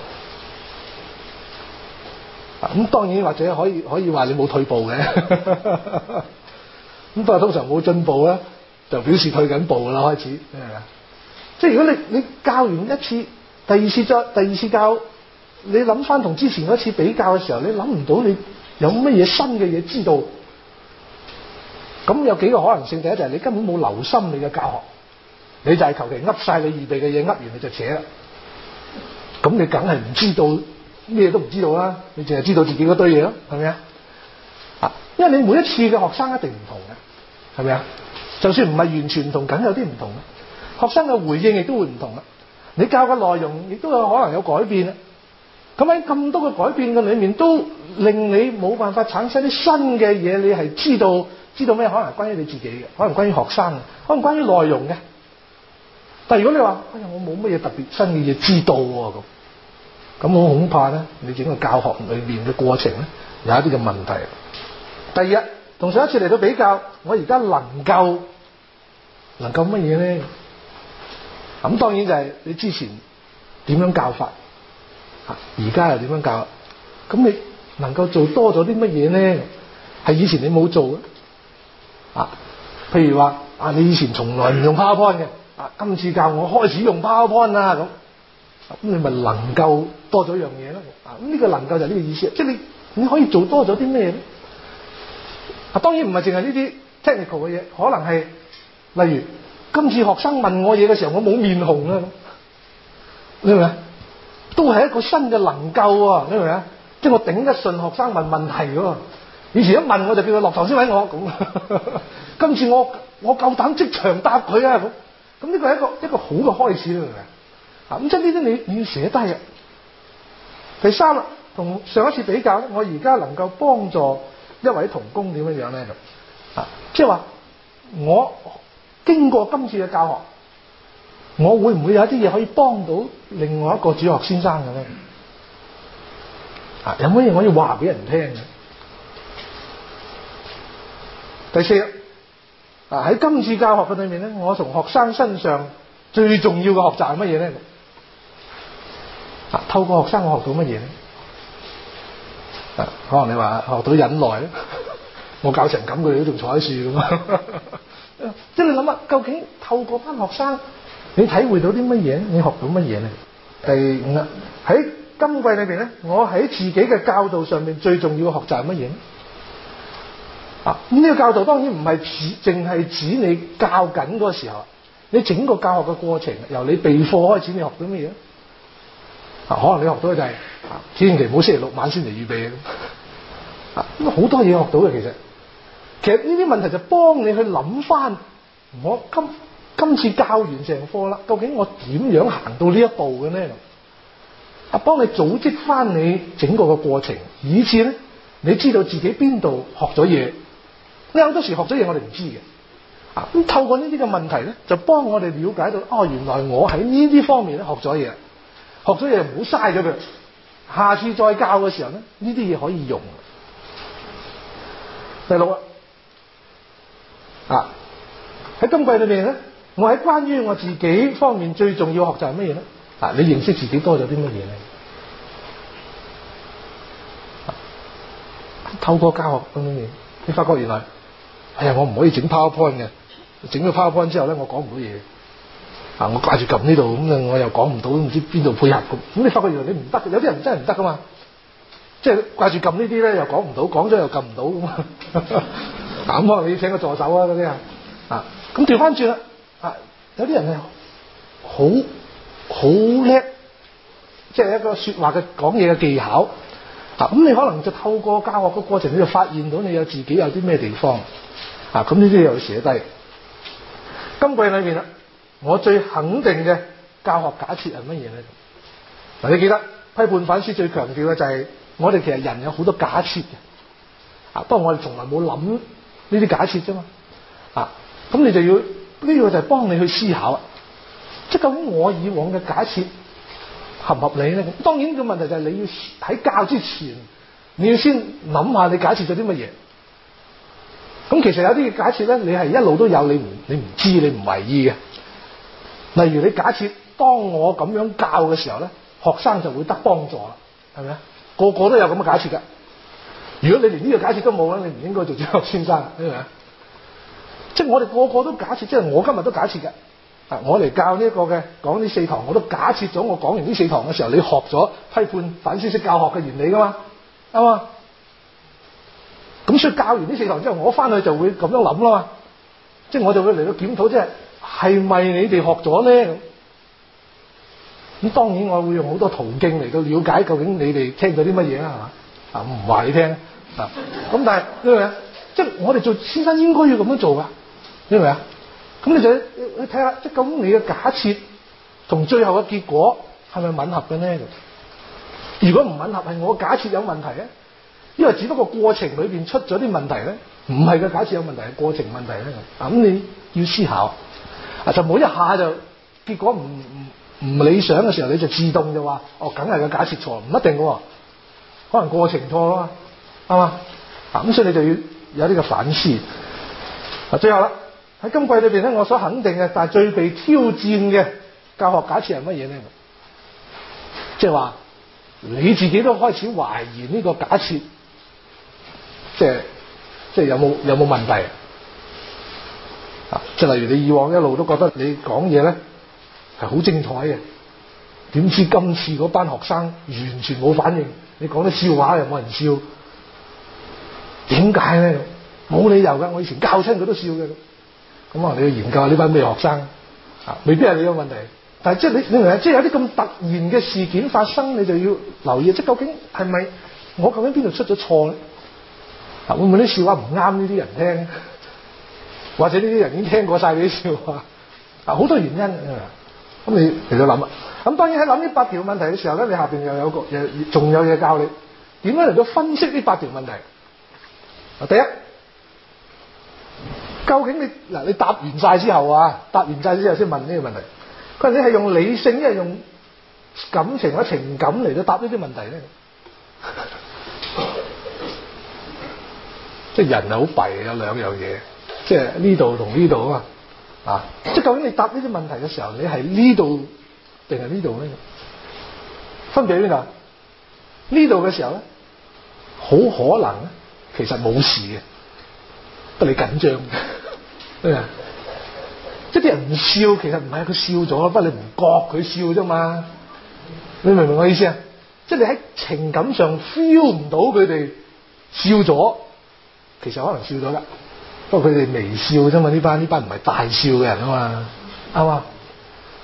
啊！咁當然或者可以可以話你冇退步嘅，咁 但係通常冇進步咧，就表示退緊步啦，開始，咩啊？即係如果你你教完一次，第二次再第二次教，你諗翻同之前嗰次比較嘅時候，你諗唔到你有乜嘢新嘅嘢知道。咁有幾個可能性？第一就係你根本冇留心你嘅教學，你就係求其噏曬你預備嘅嘢，噏完你就扯啦。咁你梗係唔知道咩都唔知道啦，你淨係知道自己嗰堆嘢咯，係咪啊？啊，因為你每一次嘅學生一定唔同嘅，係咪啊？就算唔係完全唔同，梗有啲唔同啦。學生嘅回應亦都會唔同啦，你教嘅內容亦都有可能有改變啊。咁喺咁多嘅改變嘅裏面，都令你冇辦法產生啲新嘅嘢。你係知道知道咩？可能關於你自己嘅，可能關於學生嘅，可能關於內容嘅。但係如果你話：哎呀，我冇乜嘢特別新嘅嘢知道喎，咁，咁我恐怕咧，你整個教學裏面嘅過程咧，有一啲嘅問題。第二日，同上一次嚟到比較，我而家能夠能夠乜嘢咧？咁當然就係你之前點樣教法，啊，而家又點樣教？咁你能夠做多咗啲乜嘢咧？係以前你冇做嘅，啊，譬如話啊，你以前從來唔用 PowerPoint 嘅，啊，今次教我開始用 PowerPoint 啦，咁，咁你咪能夠多咗樣嘢咯？啊，咁呢個能夠就係呢個意思，即係你你可以做多咗啲咩咧？啊，當然唔係淨係呢啲 technical 嘅嘢，可能係例如。今次學生問我嘢嘅時候，我冇面紅啊！你明唔明？都係一個新嘅能夠啊！你明唔明？即係我頂得順學生問問題噶、啊。以前一問我就叫佢落頭先問我咁。今次我我夠膽即場答佢啊！咁咁呢個係一個一個好嘅開始嚟嘅。咁即係呢啲你你要寫低啊。第三啦，同上一次比較咧，我而家能夠幫助一位同工點樣樣咧？啊，即係話我。經過今次嘅教學，我會唔會有一啲嘢可以幫到另外一個主學先生嘅咧？係、啊、有乜嘢可以話俾人聽嘅？第四啊，喺今次教學嘅裏面咧，我從學生身上最重要嘅學習係乜嘢咧？啊，透過學生我學到乜嘢咧？可能你話學到忍耐咧，啊？我教成咁，嘅，佢哋都仲坐喺樹咁啊！咁啊，究竟透過班學生，你體會到啲乜嘢？你學到乜嘢咧？第五啦，喺今季裏邊咧，我喺自己嘅教導上面最重要嘅學習係乜嘢？啊，咁呢個教導當然唔係指，淨係指你教緊嗰時候，你整個教學嘅過程，由你備課開始，你學到乜嘢？啊，可能你學到嘅就係、是啊，千祈唔好星期六晚先嚟預備嘅，咁、啊、好多嘢學到嘅其實，其實呢啲問題就幫你去諗翻。我今今次教完成課啦，究竟我點樣行到呢一步嘅呢？啊，幫你組織翻你整個個過程，以致咧，你知道自己邊度學咗嘢。你好多時學咗嘢，我哋唔知嘅。啊，咁透過呢啲嘅問題咧，就幫我哋了解到，哦，原來我喺呢啲方面咧學咗嘢，學咗嘢唔好嘥咗佢。下次再教嘅時候咧，呢啲嘢可以用。第六啊。喺今季裏面咧，我喺關於我自己方面最重要學習係乜嘢咧？啊，你認識自己多咗啲乜嘢咧？透過教學方面，啊，你發覺原來，哎呀，我唔可以整 PowerPoint 嘅，整咗 PowerPoint 之後咧，我講唔到嘢。啊，我掛住撳呢度，咁我又講唔到，唔知邊度配合咁。咁你發覺原來你唔得，有啲人真係唔得噶嘛。即係掛住撳呢啲咧，又講唔到，講咗又撳唔到咁啊。咁可能你要請個助手啊嗰啲啊啊。咁調翻轉啦，啊，有啲人係好好叻，即係一個說話嘅講嘢嘅技巧，啊，咁你可能就透過教學嘅過程，你就發現到你有自己有啲咩地方，啊，咁呢啲又要寫低。今季裏面啦，我最肯定嘅教學假設係乜嘢咧？嗱，你記得批判反思最強調嘅就係，我哋其實人有好多假設嘅，啊不過我哋從來冇諗呢啲假設啫嘛。咁你就要呢、呢個就係幫你去思考，即係究竟我以往嘅假設合唔合理咧？當然嘅問題就係你要喺教之前，你要先諗下你假設咗啲乜嘢。咁其實有啲假設咧，你係一路都有，你唔你唔知你唔為意嘅。例如你假設當我咁樣教嘅時候咧，學生就會得幫助啦，係咪啊？個個都有咁嘅假設㗎。如果你連呢個假設都冇啦，你唔應該做教學先生，係咪啊？即係我哋個個都假設，即係我今日都假設嘅。我嚟教呢一個嘅，講呢四堂，我都假設咗。我講完呢四堂嘅時候，你學咗批判反思式教學嘅原理噶嘛？係嘛，咁所以教完呢四堂之後，我翻去就會咁樣諗啦嘛。即係我就會嚟到檢討，即係係咪你哋學咗咧？咁當然我會用好多途徑嚟到了解究竟你哋聽咗啲乜嘢啊嘛。啊，唔話你聽啊。咁但係即係我哋做先生應該要咁樣做噶。因為啊，咁你就去睇下，即咁你嘅假設同最後嘅結果係咪吻合嘅呢？如果唔吻合，係我的假設有問題咧，因為只不過過程裏邊出咗啲問題咧，唔係個假設有問題係過程問題咧。啊，咁你要思考啊，就冇一下就結果唔唔唔理想嘅時候，你就自動就話哦，梗係個假設錯，唔一定嘅，可能過程錯囉嘛，係嘛，咁所以你就要有呢個反思啊。最後啦。喺今季裏邊咧，我所肯定嘅，但係最被挑戰嘅教學假設係乜嘢咧？即係話你自己都開始懷疑呢個假設，即係即係有冇有冇問題啊？即、啊、係例如你以往一路都覺得你講嘢咧係好精彩嘅，點知今次嗰班學生完全冇反應，你講啲笑話又冇人笑，點解咧？冇理由㗎，我以前教親佢都笑嘅。咁啊，你要研究下呢班咩學生啊，未必係你嘅問題。但係即係你，你明即係有啲咁突然嘅事件發生，你就要留意，即究竟係咪我究竟邊度出咗錯咧？嗱，會唔會啲笑話唔啱呢啲人聽？或者呢啲人已經聽過晒你啲笑話？嗱，好多原因。咁你嚟咗諗啊？咁當然喺諗呢八條問題嘅時候咧，你下邊又有個嘢，仲有嘢教你點樣嚟到分析呢八條問題。第一。究竟你嗱你答完晒之後啊，答完晒之後先問呢個問題。佢話你係用理性，定係用感情或者情感嚟到答呢啲問題咧。 即係人係好弊，有兩樣嘢，即係呢度同呢度啊嘛。啊，即係究竟你答呢啲問題嘅時候，你係呢度定係呢度咧？分別邊度？呢度嘅時候咧，好可能咧，其實冇事嘅，得你緊張。誒，即係啲人唔笑，其實唔係佢笑咗，不過你唔覺佢笑啫嘛。你明唔明我意思啊？即係你喺情感上 feel 唔到佢哋笑咗，其實可能笑咗㗎。不過佢哋微笑啫嘛，呢班呢班唔係大笑嘅人啊嘛，係嘛？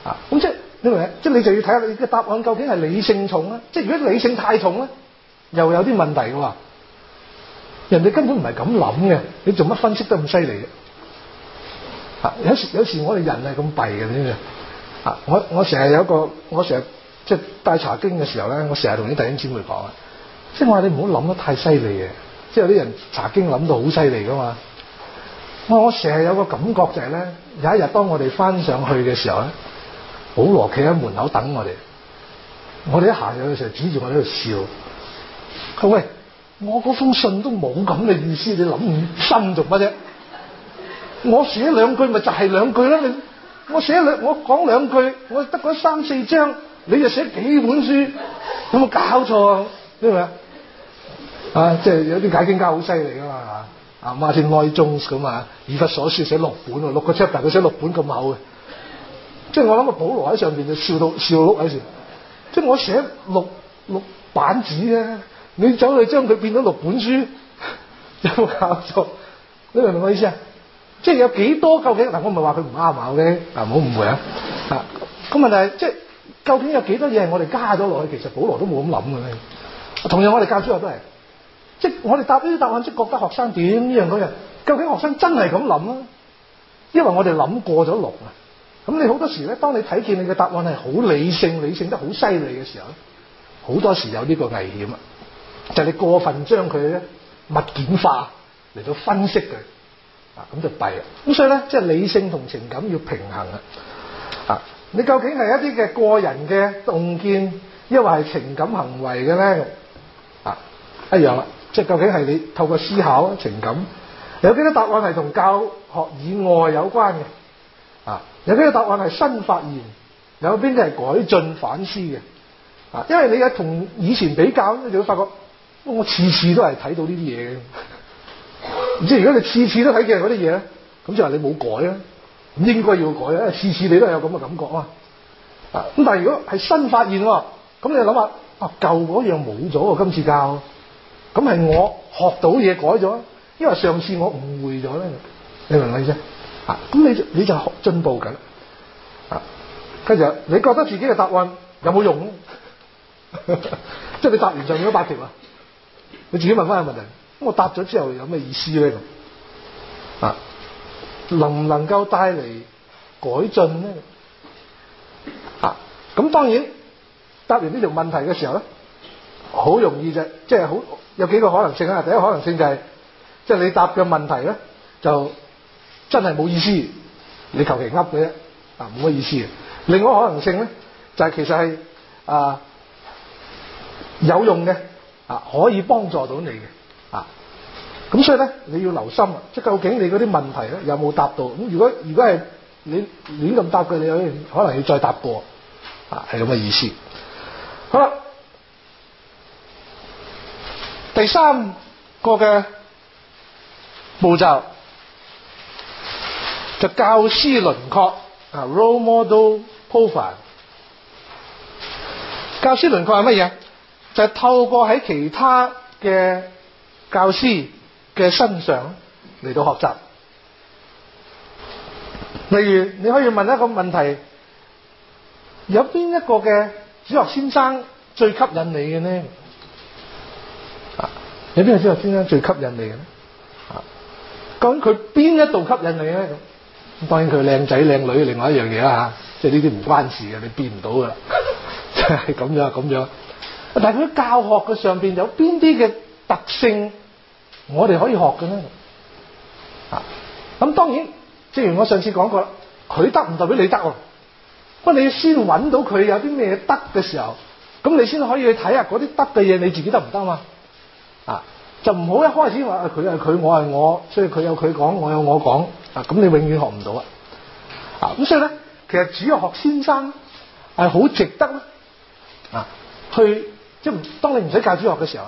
啊，咁即係你明，即係你就要睇下你嘅答案究竟係理性重啊？即係如果理性太重咧，又有啲問題嘅話，人哋根本唔係咁諗嘅，你做乜分析得咁犀利嘅？有時有時我哋人係咁弊嘅，你知唔知啊？我我成日有個，我成日即係帶查經嘅時候咧，我成日同啲弟兄姊妹講啊、就是，即係我話你唔好諗得太犀利嘅，即係有啲人查經諗到好犀利噶嘛。我我成日有個感覺就係、是、咧，有一日當我哋翻上去嘅時候咧，保羅企喺門口等我哋，我哋一行入去嘅時候指住我喺度笑，佢，喂，我嗰封信都冇咁嘅意思，你諗唔深做乜啫？我寫兩句咪就係兩句啦，你我寫兩我講兩句，我得嗰三四章，你就寫幾本書，有冇搞錯？因為啊，啊即係有啲解經家好犀利噶嘛，啊馬天哀宗咁啊，以弗所書寫六本，六個 chapter 佢寫六本咁厚嘅，即係我諗阿保羅喺上邊就笑到笑到碌喺度，即係我寫六六板紙呢，你走去將佢變咗六本書，有冇搞錯？你明唔明我意思啊？即係有幾多究竟嗱？我唔係話佢唔啱口嘅，嗱唔好誤會啊！啊，個問題係即係究竟有幾多嘢係我哋加咗落去？其實保羅都冇咁諗嘅。同樣我哋教主日學又都係，即係我哋答呢啲答案，即係覺得學生點樣佢樣？究竟學生真係咁諗啊？因為我哋諗過咗龍啊。咁你好多時咧，當你睇見你嘅答案係好理性、理性得好犀利嘅時候咧，好多時有呢個危險啊！就係、是、你過分將佢咧物件化嚟到分析佢。啊咁就弊啦，咁所以咧，即係理性同情感要平衡啦。啊，你究竟係一啲嘅個人嘅洞見，抑或係情感行為嘅咧？啊，一樣啦，即係究竟係你透過思考、情感，有幾多個答案係同教學以外有關嘅？啊，有幾多答案係新發現？有邊啲係改進反思嘅？啊，因為你有同以前比較，你就會發覺，我次次都係睇到呢啲嘢嘅。唔知如果你次次都睇嘅嗰啲嘢咧，咁就話你冇改啊，應該要改啊，次次你都係有咁嘅感覺啊。啊，咁但係如果係新發現，咁你諗下，啊舊嗰樣冇咗啊，今次教，咁係我學到嘢改咗，因為上次我誤會咗咧，你明唔明意思？啊，咁你你就學進步緊，啊，跟住你覺得自己嘅答案有冇用？即係、就是、你答完上面嗰八條啊，你自己問翻個問題。我答咗之後有咩意思咧？啊，能唔能夠帶嚟改進咧？啊，咁當然答完呢條問題嘅時候咧，好容易就即係好有幾個可能性啊。第一個可能性就係即係你答嘅問題咧，就真係冇意思，你求其噏嘅啫，啊，冇乜意思嘅。另外一個可能性咧，就係其實係啊有用嘅啊，可以幫助到你嘅。啊，咁所以咧，你要留心，啊，即係究竟你啲問題咧有冇答到？咁如果如果係你亂咁答嘅，你可能要再答過，啊，係咁嘅意思。好啦，第三個嘅步驟就教師輪廓啊，role model profile。教師輪廓係乜嘢？就係透過喺其他嘅。教師嘅身上嚟到學習，例如你可以問一個問題：有邊一個嘅小學先生最吸引你嘅呢？啊，有邊個小學先生最吸引你嘅？啊，咁佢邊一度吸引你咧？咁，當然佢靚仔靚女，另外一樣嘢啦吓，即係呢啲唔關事嘅，你變唔到噶，即係 咁樣咁樣。但係佢教學嘅上邊有邊啲嘅特性，我哋可以學嘅咧，啊，咁當然，正如我上次講過啦，佢得唔代表你得，啊，不過你要先揾到佢有啲咩得嘅時候，咁你先可以去睇下嗰啲得嘅嘢，你自己得唔得嘛，啊？啊，就唔好一開始話佢係佢，我係我，所以佢有佢講，我有我講，啊，咁你永遠學唔到啊，啊，咁所以咧，其實主學先生係好值得啦，啊，啊，去即係當你唔使教主學嘅時候。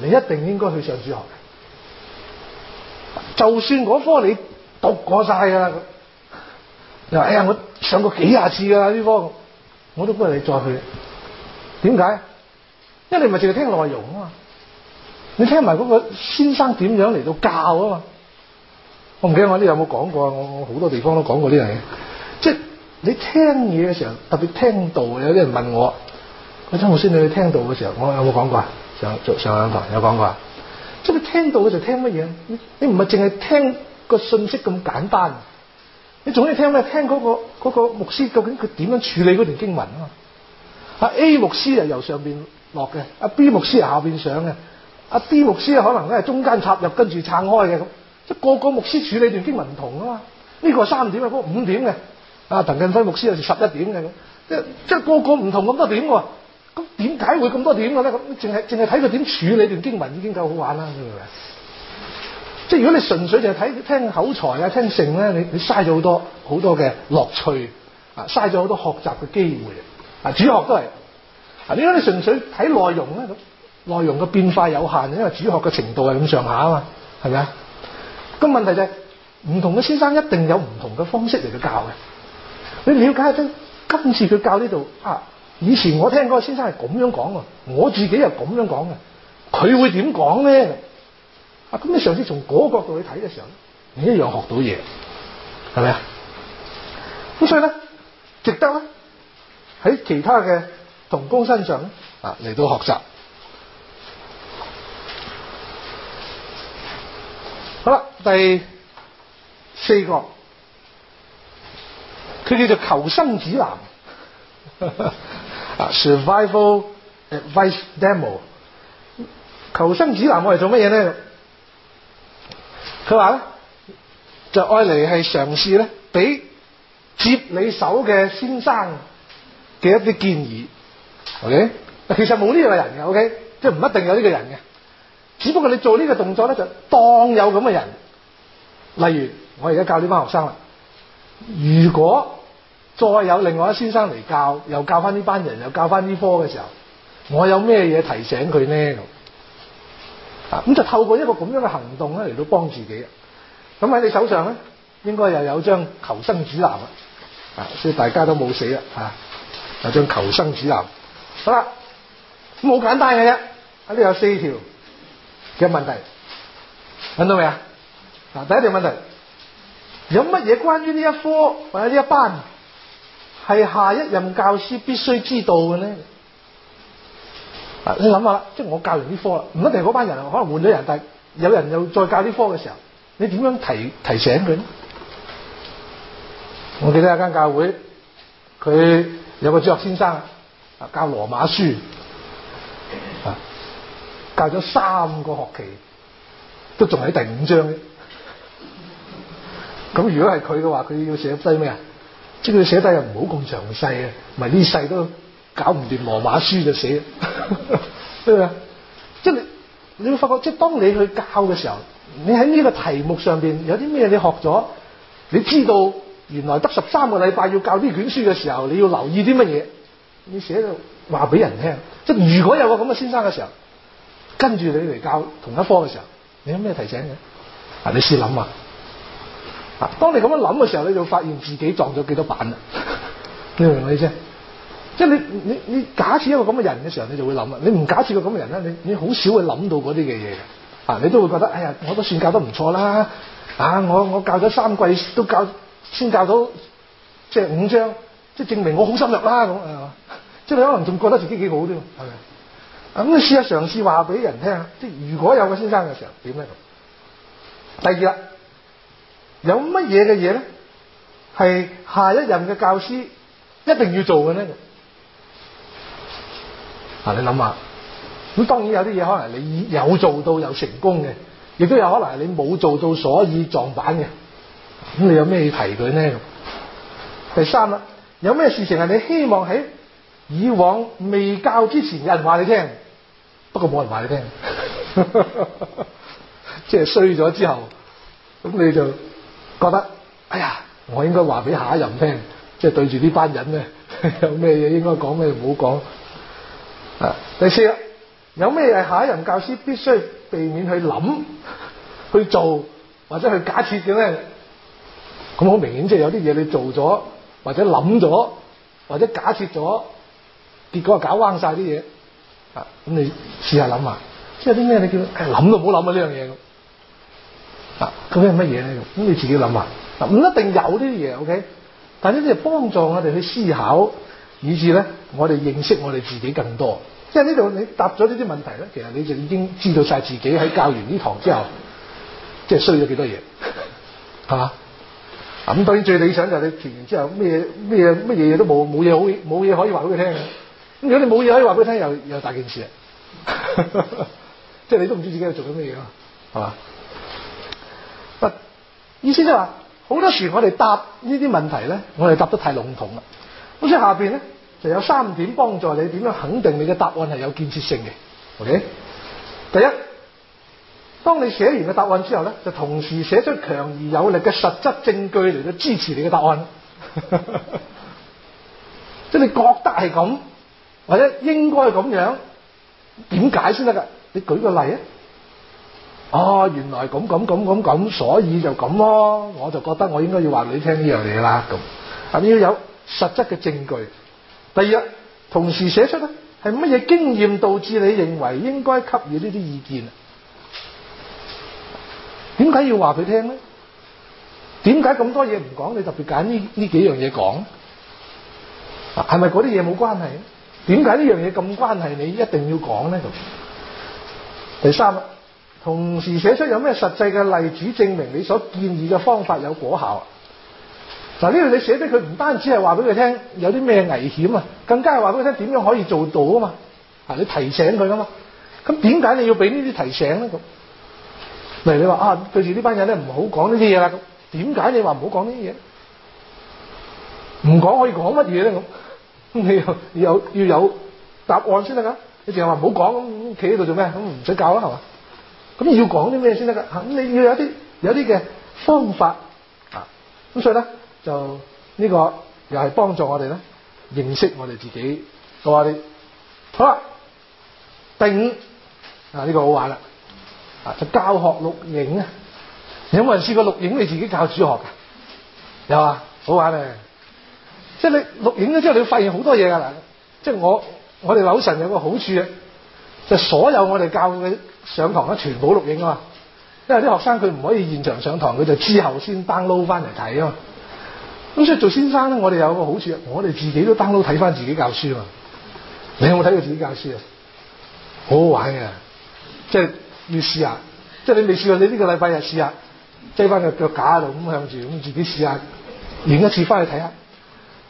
你一定應該去上主日學，就算嗰科你讀過晒噶啦，又話哎呀我上過幾廿次噶啦呢科，我都唔會你再去。點解？因為你咪係淨係聽內容啊嘛，你聽埋嗰個先生點樣嚟到教啊嘛。我唔記得我呢有冇講過，我我好多地方都講過呢樣嘢。即係你聽嘢嘅時候，特別聽道。有啲人問我，我中學時你去聽道嘅時候，我有冇講過啊？上上上堂有講過，即係你聽到嘅就聽乜嘢？你唔係淨係聽個信息咁簡單，你仲可以聽咩、嗰個？聽、嗰、嗰個嗰、嗰個牧師究竟佢點樣處理嗰段經文啊？阿 A 牧師係由上面落嘅，B 牧師係下面上嘅，D 牧師係可能係中間插入跟住撐開嘅，咁即係個個牧師處理段經文唔同啊嘛。呢、呢個三點，嗰、嗰個五點嘅，鄧近輝牧師係十一點嘅，即即係個個唔同咁多點喎。咁點解會咁多點嘅咧？咁淨係淨係睇佢點處理段經文已經夠好玩啦，即係如果你純粹就係睇聽口才啊，聽性咧，你你嘥咗好多好多嘅樂趣，啊嘥咗好多學習嘅機會啊！主學都係啊，點解你純粹睇內容咧？咁內容嘅變化有限，因為主學嘅程度係咁上下啊嘛，係咪啊？咁問題就係、是、唔同嘅先生一定有唔同嘅方式嚟去教嘅，你了解下聽今次佢教呢度啊？以前我聽嗰個先生係咁樣講啊，我自己又咁樣講嘅，佢會點講咧？啊，咁你上次從嗰個角度去睇嘅時候，你一樣學到嘢，係咪啊？咁所以咧，值得咧喺其他嘅同工身上咧，啊嚟到學習。好啦，第四個，佢叫做求生指南。 survival advice demo，求生指南我嚟做乜嘢咧？佢話咧就愛嚟係嘗試咧，俾接你手嘅先生嘅一啲建議，OK，其實冇呢樣嘅人嘅，OK，即係唔一定有呢個人嘅，只不過你做呢個動作咧就當有咁嘅人，例如我而家教呢班學生啦，如果，再有另外一先生嚟教，又教翻呢班人，又教翻呢科嘅時候，我有咩嘢提醒佢呢？啊，咁就透過一個咁樣嘅行動咧，嚟到幫自己。咁喺你手上咧，應該又有張求生指南啦。啊，所以大家都冇死啦。啊，有張求生指南。好啦，咁好簡單嘅啫。啊，呢有四條嘅問題，搵到未啊？嗱，第一條問題，有乜嘢關於呢一科或者呢一班？係下一任教師必須知道嘅咧、啊，你諗下啦，即係我教完呢科啦，唔一定嗰班人，可能換咗人，但係有人又再教啲科嘅時候，你點樣提提醒佢呢？我記得有間教會，佢有個主日學先生啊教羅馬書，啊教咗三個學期，都仲喺第五章嘅，咁如果係佢嘅話，佢要寫低咩啊？即係寫得又唔好咁詳細啊，咪呢世都搞唔掂羅馬書就死，對 啊？即係你你會發覺，即係當你去教嘅時候，你喺呢個題目上邊有啲咩你學咗，你知道原來得十三個禮拜要教呢卷書嘅時候，你要留意啲乜嘢，你寫到話俾人聽。即係如果有個咁嘅先生嘅時候，跟住你嚟教同一科嘅時候，你有咩提醒嘅？啊，你試諗啊！啊！當你咁樣諗嘅時候，你就發現自己撞咗幾多板啦。你明唔明我意思？即係你你你你假設一個咁嘅人嘅時候，你就會諗啊。你唔假設個咁嘅人咧，你你好少會諗到嗰啲嘅嘢。啊，你都會覺得哎呀，我都算教得唔錯啦。啊，我我教咗三季都教先教到即係五章，即係證明我好深入啦，咁即係你可能仲覺得自己幾好添，係咪？咁你試下嘗試話俾人聽，即係如果有個先生嘅時候點咧？第二啦。有乜嘢嘅嘢咧？係下一任嘅教師一定要做嘅咧？啊，你諗下，咁當然有啲嘢可能你有做到又成功嘅，亦都有可能係你冇做到所以撞板嘅。咁你有咩要提佢咧？第三啦，有咩事情係你希望喺以往未教之前有人話你聽，不過冇人話你聽，即係衰咗之後，咁你就。覺得，哎呀，我應該話俾下一任聽，即係對住呢班人咧，有咩嘢應該講，咩唔好講。啊，第四啦，有咩係下一任教師必須避免去諗、去做或者去假設嘅咧？咁好明顯，即係有啲嘢你做咗，或者諗咗，或者假設咗，結果搞彎晒啲嘢。啊，咁你試下諗下，即係啲咩你叫諗都唔好諗啊呢樣嘢。究竟係乜嘢咧？咁你自己諗下，嗱，唔一定有呢啲嘢，O K，但呢啲係幫助我哋去思考，以至咧，我哋認識我哋自己更多。即係呢度你答咗呢啲問題咧，其實你就已經知道晒自己喺教完呢堂之後，即係衰咗幾多嘢，係 嘛、啊？咁當然最理想就係你填完之後咩嘢咩嘢咩嘢都冇冇嘢好冇嘢可以話俾佢聽。咁如果你冇嘢可以話俾佢聽，又又大件事啊！即 係你都唔知自己做咗咩嘢咯，係 嘛？意思即係話，好多時我哋答呢啲問題咧，我哋答得太籠統啦。咁所以下邊咧就有三點幫助你，點樣肯定你嘅答案係有建設性嘅。OK，第一，當你寫完嘅答案之後咧，就同時寫出強而有力嘅實質證據嚟到支持你嘅答案。即 係你覺得係咁，或者應該係咁樣，點解先得噶？你舉個例啊！哦，原來咁咁咁咁咁，所以就咁咯。我就覺得我應該要話你聽呢樣嘢啦。咁啊，你要有實質嘅證據。第二，同時寫出咧係乜嘢經驗導致你認為應該給予呢啲意見啊？點解要話佢聽咧？點解咁多嘢唔講？你特別揀呢呢幾樣嘢講，係咪嗰啲嘢冇關係咧？點解呢樣嘢咁關係？你一定要講咧？咁第三同時寫出有咩實際嘅例子證明你所建議嘅方法有果效啊！嗱，呢度你寫俾佢唔單止係話俾佢聽有啲咩危險啊，更加係話俾佢聽點樣可以做到啊嘛！啊，你提醒佢啊嘛！咁點解你要俾呢啲提醒咧？咁譬如你話啊，對住呢班人咧唔好講呢啲嘢啦！點解你話唔好講呢啲嘢？唔講可以講乜嘢咧？咁你要有要，要有答案先得啊！你淨係話唔好講，企喺度做咩？唔使教啦，係嘛？咁要講啲咩先得噶？咁你要有啲有啲嘅方法啊！咁所以咧就呢個又係幫助我哋咧認識我哋自己，多啲好啦。第五啊，呢個好玩啦！啊，就教學錄影啊！你有冇人試過錄影你自己教主學噶？有啊，好玩啊。即係你錄影咗之後，你會發現好多嘢噶啦！即係我我哋紐神有個好處啊！就所有我哋教嘅上堂咧，全部錄影啊嘛。因為啲學生佢唔可以現場上堂，佢就之後先 download 翻嚟睇啊嘛。咁所以做先生咧，我哋有個好處啊，我哋自己都 download 睇翻自己教書啊嘛。你有冇睇過自己教書啊？好好玩嘅，啊，即係要試下。即係你未試過，你呢個禮拜日試下，擠翻個腳架喺度咁向住，咁自己試下，影一次翻去睇下。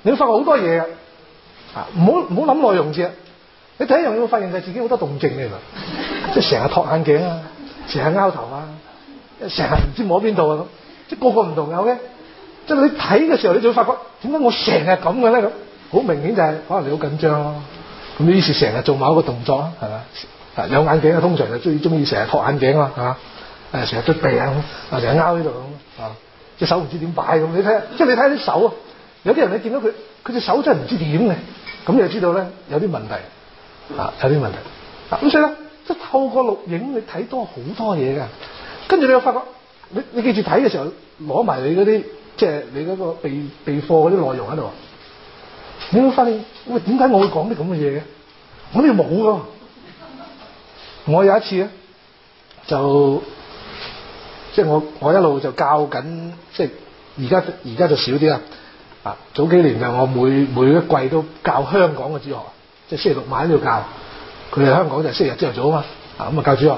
你會發覺好多嘢啊！唔好唔好諗內容啫。你睇你會發現就係自己好多動靜嚟㗎，即係成日托眼鏡啊，成日撓頭啊，成日唔知摸邊度啊咁，即係個個唔同嘅。OK? 即係你睇嘅時候，你就會發覺點解我成日咁嘅咧咁？好明顯就係、是、可能你好緊張咯、啊。咁於是成日做某一個動作啊，係嘛？有眼鏡通常就最中意成日托眼鏡啊，係嘛？成日捽鼻啊，成日撓呢度咁啊，隻手唔知點擺咁。你睇即係你睇啲手啊，有啲人你見到佢佢隻手真係唔知點嘅，咁你就知道咧有啲問題。啊，有啲問題，啊，咁所以咧，即係透過錄影你看多多，你睇多好多嘢嘅，跟住你又發覺，你你記住睇嘅時候，攞埋你啲，即係你嗰個備備課啲內容喺度，你會發現喂，點解我會講啲咁嘅嘢嘅？我呢冇噶，我有一次咧，就即係我我一路就教緊，即係而家而家就少啲啦，啊，早幾年就我每每一季都教香港嘅哲學。即係星期六晚喺度教，佢哋香港就係星期日朝頭早啊嘛，啊咁啊教主日學。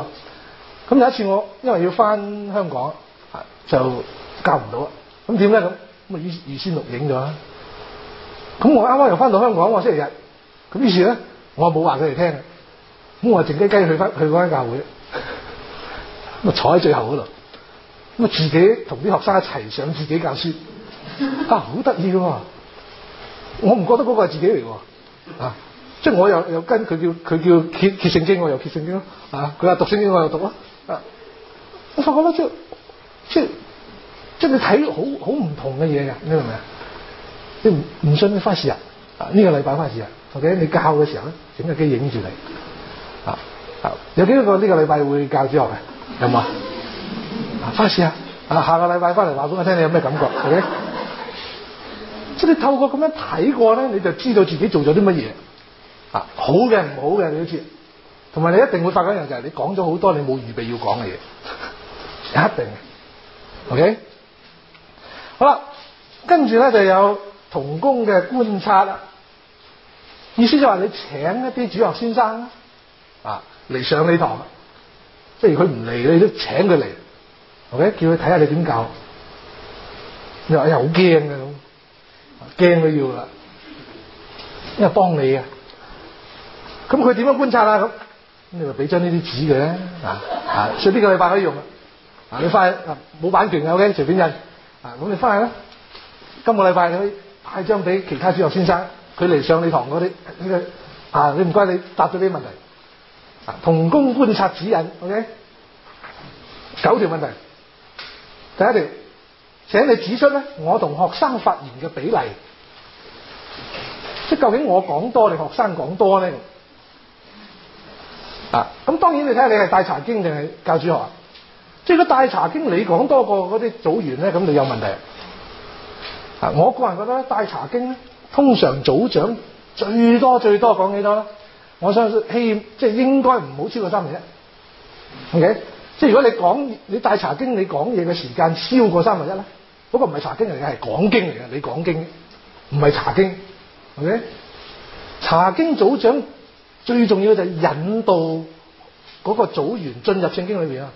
咁有一次我因為要翻香港，就教唔到啦。咁點咧？咁咁啊預先錄影咗。咁我啱啱又翻到香港喎，星期日。咁於是咧，我冇話佢哋聽。咁我靜雞雞去翻去嗰間教會，咁啊坐喺最後嗰度，咁啊自己同啲學生一齊上自己教書，啊好得意喎！我唔覺得嗰個係自己嚟喎，啊。即係我又又跟佢叫佢叫揭揭聖經我又揭聖經咯，啊佢話讀聖經我又讀咯，啊我就覺得即係即係即係你睇好好唔同嘅嘢㗎，你明唔明啊？你唔唔信翻時日，呢個禮拜翻時日，或者你教嘅時候咧，整個機影住你，啊，啊有幾個呢個禮拜會教主日學嘅有冇啊？翻時啊，啊下個禮拜翻嚟話俾我聽你有咩感覺，O K？即係你透過咁樣睇過咧，你就知道自己做咗啲乜嘢。啊，好嘅唔好嘅都要接，同埋你一定會發覺一樣就係、是、你講咗好多你冇預備要講嘅嘢，一定嘅，OK？好啦，跟住咧就有同工嘅觀察啦，意思就話你請一啲主學先生啊嚟上呢堂，即係佢唔嚟你都請佢嚟，OK？叫佢睇下你點教，你哎又好驚嘅咁，驚都要啦，因為幫你嘅、啊。咁佢點樣觀察啊？咁你咪俾張呢啲紙嘅咧，啊啊，所以呢個禮拜可以用啦、啊。啊，你翻去冇、啊、版權嘅，O K，隨便印。啊，咁你翻去啦。今個禮拜你可以派張俾其他主日學先生，佢嚟上你堂嗰啲，呢個啊，你唔該，你答咗啲問題。啊，同工觀察指引，O K。Okay? 九條問題。第一條，請你指出咧，我同學生發言嘅比例，即係究竟我講多定學生講多咧？啊！咁當然你睇下你係帶查經定係教主學啊！即係如果帶查經，你講多過嗰啲組員咧，咁就有問題。啊！我個人覺得帶查經咧，通常組長最多最多講幾多咧？我相信，希即係應該唔好超過三分一。O K，即係如果你講你帶查經，你講嘢嘅時間超過三分一咧，嗰個唔係查經嚟嘅，係講經嚟嘅，你講經唔係查經。OK，查經組長。最重要就係引導嗰個組員進入聖經裏邊啊，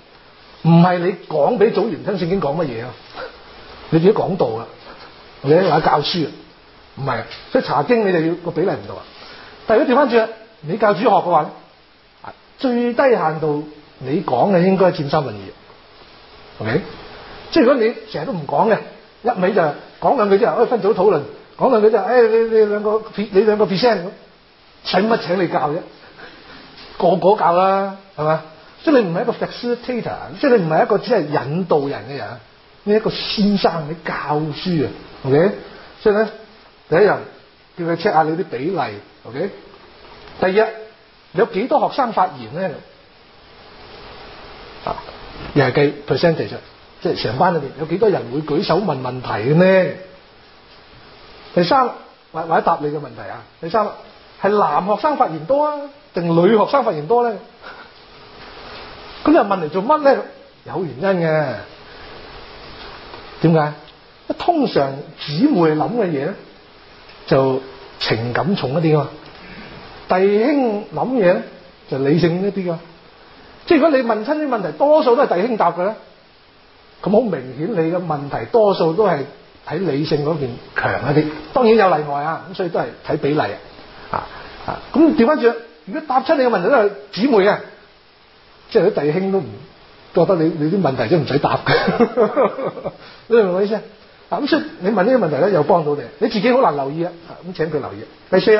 唔係你講俾組員聽聖經講乜嘢啊，你自己講道啊，你喺度教書啊，唔係，即係查經你就要個比例唔同啊。但如果調翻轉啦，你教主學嘅話咧，最低限度你講嘅應該佔三分二，OK，即係如果你成日都唔講嘅，一味就講兩句啫，可以分組討論，講兩句就是，誒、哎、你你兩個你兩個 percent 請乜請你教啫？個個教啦，係嘛？即係你唔係一個 facilitator，即係你唔係一個只係引導人嘅人，你係一個先生，你教書啊，OK？所以咧，第一樣叫佢 check 下你啲比例，OK？第二，你有幾多學生發言咧？啊，又係計 percentage，即係成班裏面有幾多人會舉手問問題嘅咩？第三，或或者答你嘅問題啊？第三。係男學生發言多啊，定女學生發言多咧？咁又問嚟做乜咧？有原因嘅。點解？因為通常姊妹諗嘅嘢咧，就情感重一啲嘛，弟兄諗嘢咧，就理性一啲噶。即係如果你問親啲問題，多數都係弟兄答嘅咧。咁好明顯，你嘅問題多數都係喺理性嗰邊強一啲。當然有例外啊，咁所以都係睇比例。啊，咁調翻轉，如果答出你嘅問題都係姊妹啊，即係啲弟兄都唔覺得你，你啲問題都唔使答嘅，你明唔明我意思？咁、啊、所以你問呢個問題咧，又幫到你。你自己好難留意啊，咁請佢留意。第四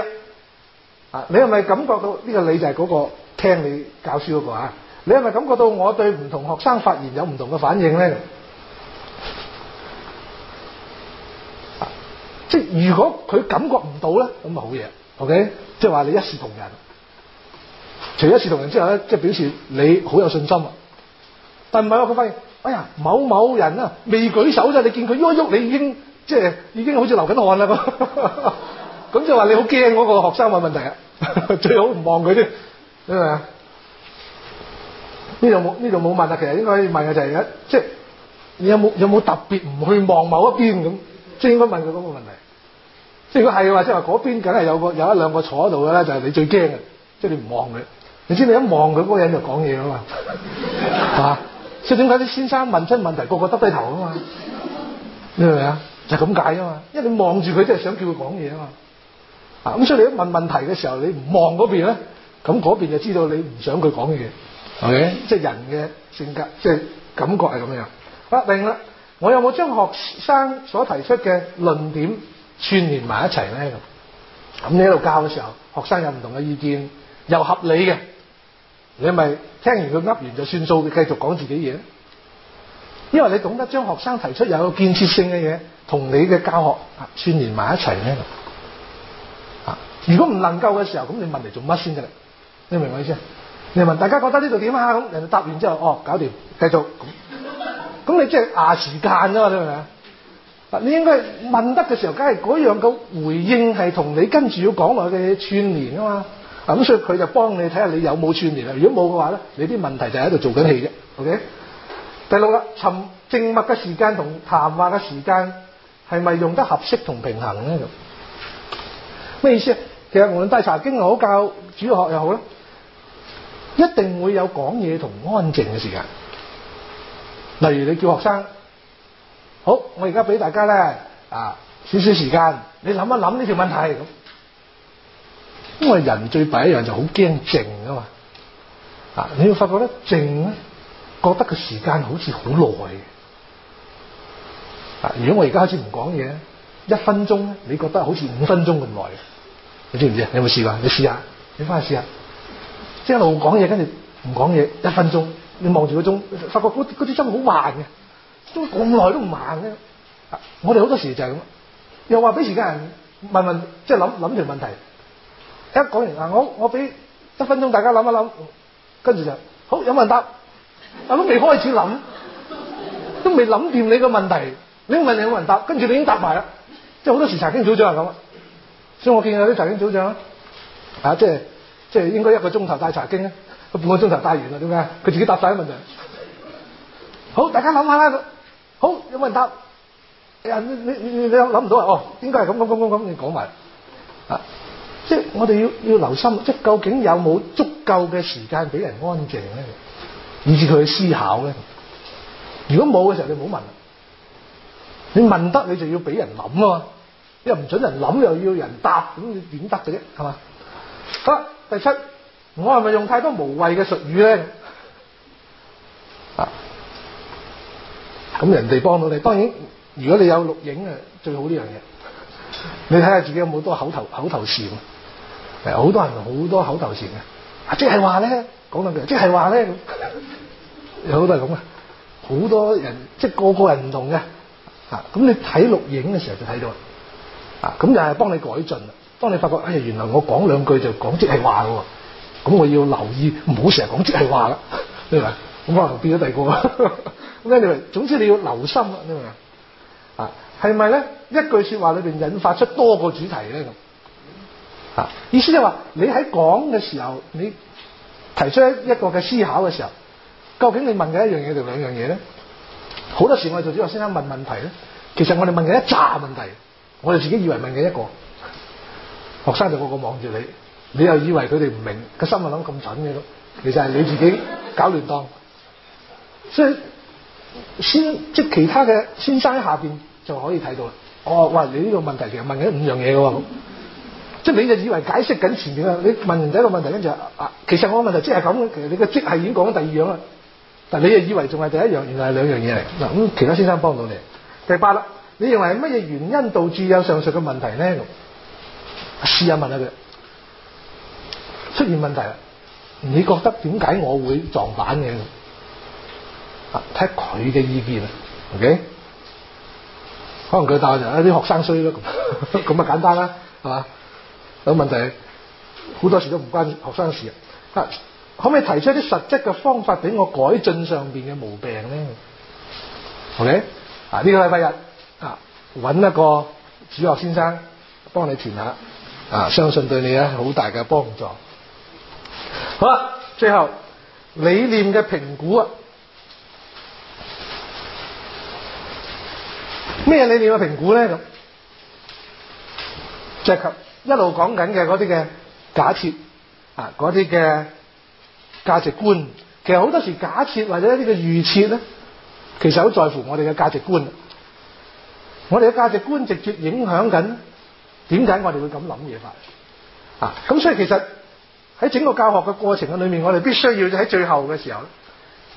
啊，你係咪感覺到呢個你就係嗰個聽你教書嗰個啊？你係咪感覺到我對唔同學生發言有唔同嘅反應咧、啊？即係如果佢感覺唔到咧，咁咪好嘢。OK，即係話你一視同仁。除咗一視同仁之後咧，即係表示你好有信心。啊，但係唔係話佢發現，哎呀，某某人啊未舉手啫，你見佢喐一喐，你已經即係已經好似流緊汗啦。咁就話你好驚個學生問問題啊，最好唔望佢添，係咪啊？呢度冇呢度冇問啊。其實應該問嘅就係一即係你有冇有冇特別唔去望某一邊咁，即係應該問佢個問題。即如果係嘅話，即係話嗰邊梗係有個有一兩個坐喺度嘅咧，就係你最驚嘅。即係你唔望佢，你知你一望佢嗰個人就講嘢噶嘛。 啊，即係點解啲先生問出問題個個耷低頭噶嘛？你明唔明啊？就係咁解啊嘛。因為你望住佢，即係想叫佢講嘢啊嘛。啊，咁所以你一問問題嘅時候，你唔望嗰邊咧，咁嗰邊就知道你唔想佢講嘢。OK？即係人嘅性格，即係感覺係咁樣。啊，明啦。我有冇將學生所提出嘅論點串聯埋一齊咧，咁，咁你喺度教嘅時候，學生有唔同嘅意見，又合理嘅，你咪聽完佢噏完就算數，佢繼續講自己嘢。因為你懂得將學生提出有個建設性嘅嘢，同你嘅教學串聯埋一齊咧。啊，如果唔能夠嘅時候，咁你問嚟做乜先得喇？你明唔明我意思？你問大家覺得呢度點啊？咁人哋答完之後，哦，搞掂，繼續。咁你即係壓時間啫嘛？你明唔明啊？你應該問得嘅時候，梗係嗰樣個回應係同你跟住要講落去嘅串連啊嘛，啊咁所以佢就幫你睇下你有冇串連啊。如果冇嘅話咧，你啲問題就喺度做緊戲啫。OK。第六啦，沉靜默嘅時間同談話嘅時間係咪用得合適同平衡咧？咁咩意思啊？其實無論帶查經又好教主學又好咧，一定會有講嘢同安靜嘅時間。例如你叫學生。好，我而家俾大家咧啊，少少時間，你諗一諗呢條問題咁。因為人最弊一樣就好驚靜啊嘛，啊，你要發覺咧靜咧，覺得個時間好似好耐嘅。啊，如果我而家開始唔講嘢咧，一分鐘咧，你覺得好似五分鐘咁耐嘅，你知唔知？你有冇試過？你試下，你翻去試下，即係一路講嘢，跟住唔講嘢，一分鐘，你望住個鐘，發覺嗰啲針好慢嘅。咁耐都唔行咧，我哋好多時就係咁，又話俾時間人問問，即係諗諗條問題。一講完，嗱，我我俾一分鐘大家諗一諗，跟住就好，有冇人答。我都未開始諗，都未諗掂你個問題，你問，你有冇人答，跟住你已經答埋啦。即係好多時查經組長係咁，所以我見有啲查經組長，啊，即係即係應該一個鐘頭帶查經咧，半個鐘頭帶完啦，點解？佢自己答晒啲問題。好，大家諗下啦。好，有冇人答？哎、你你你諗唔到啊？哦，應該係咁咁咁咁咁？你講埋啊！即係我哋要要留心，即係究竟有冇足夠嘅時間俾人安靜咧，以至佢去思考咧？如果冇嘅時候，你冇問。問你問得你、啊，你就要俾人諗啊！又唔准人諗，又要人答，咁你點得嘅啫？係嘛？好、啊、啦，第七，我係咪用太多無謂嘅術語咧？啊！咁人哋幫到你，當然如果你有錄影啊，最好呢樣嘢。你睇下自己有冇多，多口頭口頭禪，誒好多人好多口頭禪嘅，即係話咧講兩句，即係話咧，有好多係咁嘅，好多人即係個個人唔同嘅，啊咁你睇錄影嘅時候就睇到，啊咁就係幫你改進啦，當你發覺哎呀原來我講兩句就講即係話喎，咁我要留意唔好成日講即係話啦，咁可能變咗第二個，咁咧你，總之你要留心啊！啊，係咪咧？一句說話裏邊引發出多個主題咧？啊，意思就話你喺講嘅時候，你提出一個個嘅思考嘅時候，究竟你問嘅一樣嘢定兩樣嘢咧？好多時我哋做主日學先生問問題咧，其實我哋問嘅一揸問題，我哋自己以為問嘅一個，學生就個個望住你，你又以為佢哋唔明，個心啊諗咁蠢嘅咯，其實係你自己搞亂當。所以先即係其他嘅先生喺下邊就可以睇到啦。我、哦、話喂，你呢個問題其實問緊五樣嘢嘅喎， 即係你就以為解釋緊前面啊？你問完第一個問題跟住啊，其實我個問題即係咁其實你嘅即係已經講緊第二樣啦。但你又以為仲係第一樣，原來係兩樣嘢嚟嗱。咁其他先生幫到你第八啦。你認為係乜嘢原因導致有上述嘅問題咧？試，試問一下問下佢出現問題啦。你覺得點解我會撞板嘅？睇佢嘅意見啊，OK？可能佢答就一啲學生衰咯，咁啊簡單啦，係嘛？有問題好多時都唔關學生事啊。可唔可以提出一啲實質嘅方法俾我改進上面嘅毛病咧？OK？啊，呢個禮拜日啊，揾一個主學先生幫你填下，啊，相信對你啊好大嘅幫助。好啦，最後理念嘅評估啊。咩？你哋嘅評估咧咁，就即係一路講緊嘅啲嘅假設啊，啲嘅價值觀，其實好多時假設或者一啲嘅預設咧，其實好在乎我哋嘅價值觀。我哋嘅價值觀直接影響緊點解我哋會咁諗嘢法啊！咁所以其實喺整個教學嘅過程嘅裏面，我哋必須要喺最後嘅時候，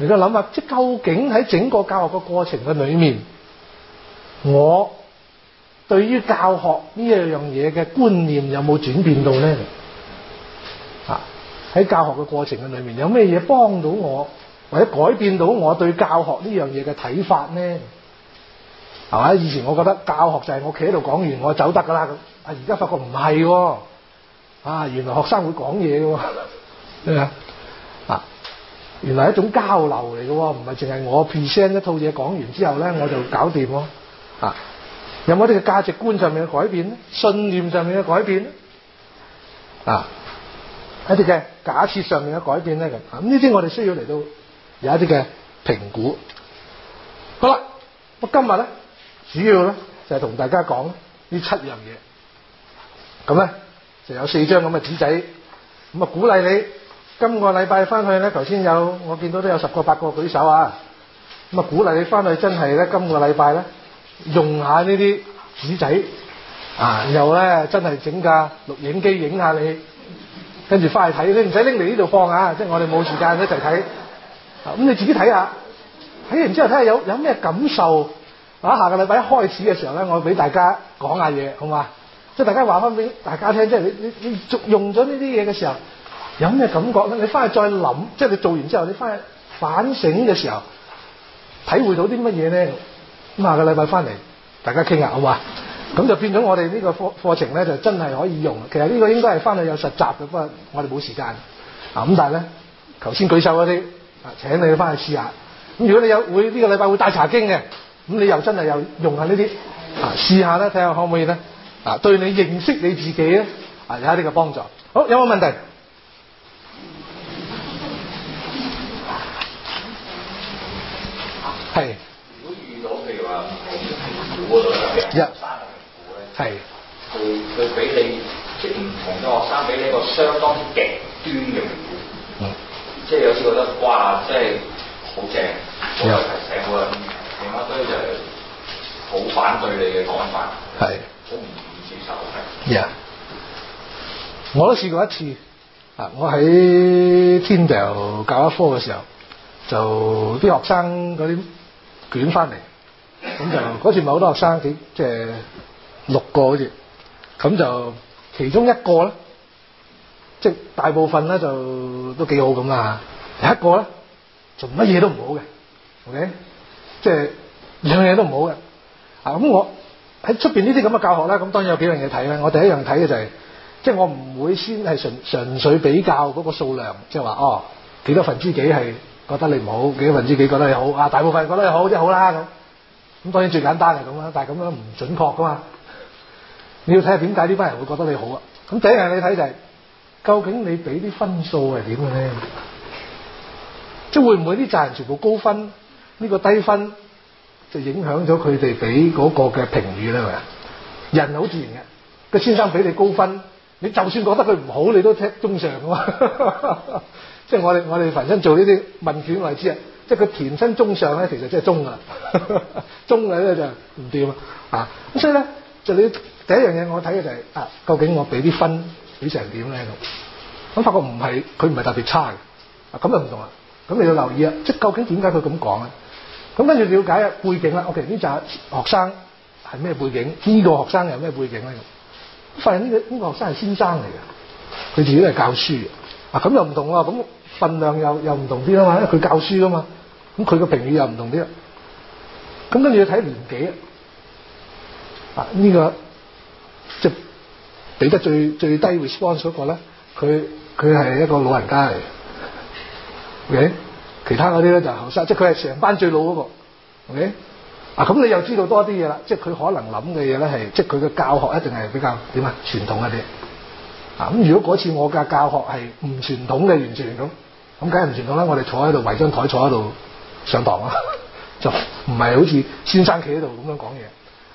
嚟到諗下，即係究竟喺整個教學嘅過程嘅裏面。我對於教學呢一樣嘢嘅觀念有冇轉變到咧？啊，喺教學嘅過程嘅裏面，有咩嘢幫到我，或者改變到我對教學呢樣嘢嘅睇法咧？係嘛？以前我覺得教學就係我企喺度講完，我走得噶啦咁。啊，而家發覺唔係喎，啊，原來學生會講嘢嘅咩？啊，原來係一種交流嚟嘅，唔係淨係我 present 一套嘢講完之後咧，我就搞掂咯。啊，有冇啲嘅價值觀上面嘅改變咧？信念上面嘅改變咧？啊，一啲嘅假設上面嘅改變咧？咁咁呢啲，啊、我哋需要嚟到有一啲嘅評估。好啦，我今日咧主要咧就係、是、同大家講呢七樣嘢。咁咧就有四張咁嘅紙仔，咁啊鼓勵你今個禮拜翻去咧。頭先有我見到都有十個八個舉手啊，咁啊鼓勵你翻去真係咧今個禮拜咧。用下紙呢啲紙仔啊，又咧真係整架錄影機影下你，跟住翻去睇，你唔使拎嚟呢度放啊！即係我哋冇時間一齊睇，咁你自己睇下，睇完之後睇下有有咩感受啊？下個禮拜一開始嘅時候咧，我俾大家講下嘢，好嘛？即係大家話翻俾大家聽，即係你你你用用咗呢啲嘢嘅時候，有咩感覺咧？你翻去再諗，即係你做完之後，你翻去反省嘅時候，體會到啲乜嘢咧？咁下個禮拜翻嚟，大家傾下好嘛？咁就變咗我哋呢個課課程咧，就真係可以用。其實呢個應該係翻去有實習嘅，不過我哋冇時間。嗱，咁但係咧，頭先舉手嗰啲啊，請你翻去試下。咁如果你有會呢個禮拜會帶查經嘅，咁你又真係又用下呢啲啊，試下咧，睇下可唔可以咧？嗱，對你認識你自己咧啊，有一啲嘅幫助。好，有冇問題？係。一係，佢佢俾你即係唔同嘅學生俾你一個相當極端嘅名股，即係有時覺得哇，即係好正，好有提醒，好有點樣，所以就好反對你嘅講法。係，好唔接受嘅。我都試過一次啊！我喺天德教一科嘅時候，就啲學生嗰啲卷翻嚟。咁就嗰次某好多學生，幾即係六個好似，咁就其中一個咧，即係大部分咧就都幾好咁啦吓一個咧做乜嘢都唔好嘅，OK，即係樣嘢都唔好嘅，啊咁我喺出邊呢啲咁嘅教學咧，咁當然有幾樣嘢睇咧。我第一樣睇嘅就係，即係我唔會先係純純粹比較嗰個數量，即係話哦，幾多分之幾係覺得你唔好，幾多分之幾覺得你好，啊大部分覺得你好即係好啦咁。咁當然最簡單係咁啦，但係咁樣唔準確噶嘛。你要睇下點解呢班人會覺得你好啊？咁第一樣你睇就係、是、究竟你俾啲分數係點嘅咧？即係會唔會啲贊人全部高分，呢、呢個低分就影響咗佢哋俾嗰個嘅評語咧？咪人好自然嘅，個先生俾你高分，你就算覺得佢唔好，你都剔中上嘅嘛。 即係我哋我哋凡身做呢啲問卷我哋知啊。即係佢填身中上咧，其實即係中噶啦，中嘅咧就唔掂啊！咁所以咧，就你第一樣嘢，我睇嘅就係啊，究竟我俾啲分俾成點咧咁？咁發覺唔係佢唔係特別差嘅啊，咁又唔同啊！咁你要留意啊，即係究竟點解佢咁講咧？咁跟住了解背景啦。OK，呢紮學生係咩背景？呢個學生有咩背景咧？咁發現呢個呢個學生係先生嚟嘅，佢自己都係教書嘅啊，咁又唔同啊！咁份量又又唔同啲啊嘛，因為佢教書啊嘛。咁佢個評語又唔同啲啦，咁跟住要睇年紀啊！呢個即係俾得最最低 response 嗰個咧，佢佢係一個老人家嚟，OK？其他嗰啲咧就後生，即係佢係成班最老嗰個，OK？啊，咁你又知道多啲嘢啦，即係佢可能諗嘅嘢咧係，即係佢嘅教學一定係比較點啊傳統一啲啊！咁如果嗰次我嘅教學係唔傳統嘅，完全咁，咁梗係唔傳統啦！我哋坐喺度圍張台，坐喺度。上堂啊，就唔係好似先生企喺度咁樣講嘢。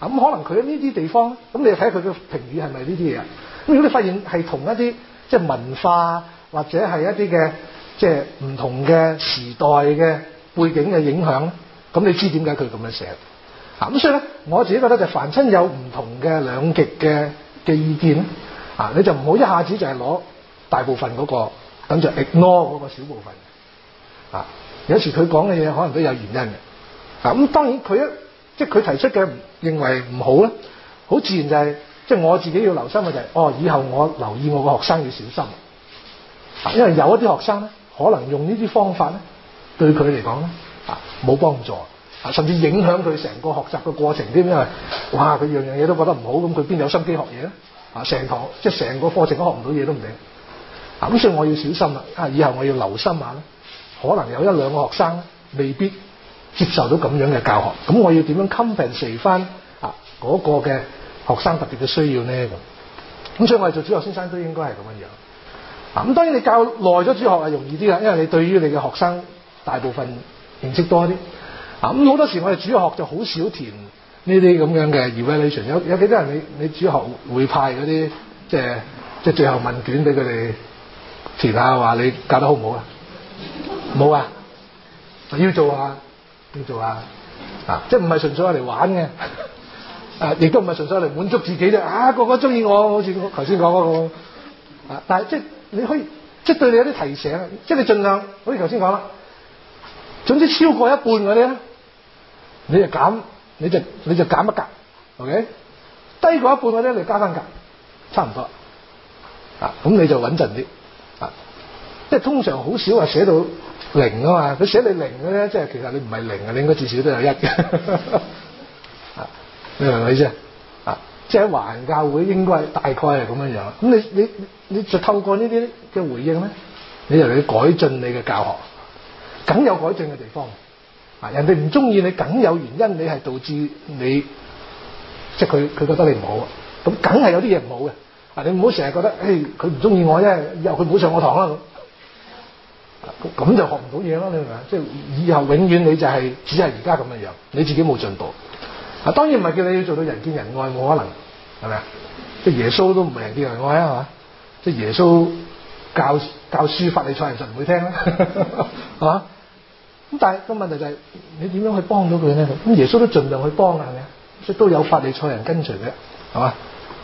啊，咁可能佢喺呢啲地方，咁你睇下佢嘅評語係咪呢啲嘢？咁如果你發現係同一啲即係文化或者係一啲嘅即係唔同嘅時代嘅背景嘅影響，咁你知點解佢咁樣寫？啊，咁所以咧，我自己覺得就凡親有唔同嘅兩極嘅嘅意見，啊，你就唔好一下子就係攞大部分嗰個，咁就 ignore 嗰個小部分。啊。有時佢講嘅嘢可能都有原因嘅，啊，咁當然佢一即係佢提出嘅認為唔好咧，好自然就係、是，即係我自己要留心嘅就係、是、哦，以後我留意我個學生要小心，因為有一啲學生咧可能用呢啲方法咧對佢嚟講咧冇幫助，甚至影響佢成個學習嘅過程添，因為哇佢樣樣嘢都覺得唔好，咁佢邊有心機學嘢咧？啊，成堂即係成個課程都學唔到嘢都唔定，啊咁所以我要小心啦，啊以後我要留心下啦。可能有一兩個學生未必接受到咁樣嘅教學，咁我要點樣 compensate 翻啊嗰個嘅學生特別嘅需要呢？咁，咁所以我哋做主學先生都應該係咁樣樣。啊，咁當然你教耐咗主學係容易啲啦，因為你對於你嘅學生大部分認識多啲啊。咁好多時我哋主學就好少填呢啲咁樣嘅 evaluation。有有幾多人你你主學會派嗰啲即係即係最後問卷俾佢哋填下，話你教得好唔好啊？冇啊，就要做啊，要做啊，啊，啊即係唔係純粹係嚟玩嘅，啊，亦都唔係純粹嚟滿足自己啫，啊，個個中意我，好似我頭先講嗰個，啊，但係即係你可以即係對你有啲提醒，即係你盡量，好似頭先講啦，總之超過一半嗰啲咧，你就減，你就你就減一格，ok，低過一半嗰啲呢，你加翻格，差唔多，啊，咁你就穩陣啲，啊，即係通常好少話寫到。零啊嘛，佢寫你零嘅咧，即係其實你唔係零啊，你應該至少都有一嘅，啊，你明唔明我意思啊？即係係華人教會，應該係大概係咁樣樣。咁你你你就透過呢啲嘅回應咧，你就去改進你嘅教學，梗有改進嘅地方。啊，人哋唔中意你，梗有原因，你係導致你即係佢佢覺得你唔好，啊。咁梗係有啲嘢唔好嘅。嗱，你唔好成日覺得，誒、欸，佢唔中意我啫，以後佢唔好上我堂啦咁。咁就學唔到嘢咯，你明唔明？即係以後永遠你就係、是、只係而家咁嘅樣，你自己冇進步。啊，當然唔係叫你要做到人見人愛，冇可能，係咪啊？即、就、係、是、耶穌都唔係人見人愛呀，係嘛？即、就、係、是、耶穌教教書，法利賽人就唔會聽啦，係 嘛？咁但係個問題就係、是、你點樣去幫到佢咧？咁耶穌都盡量去幫啊，係咪？即係都有法利賽人跟隨嘅，係嘛？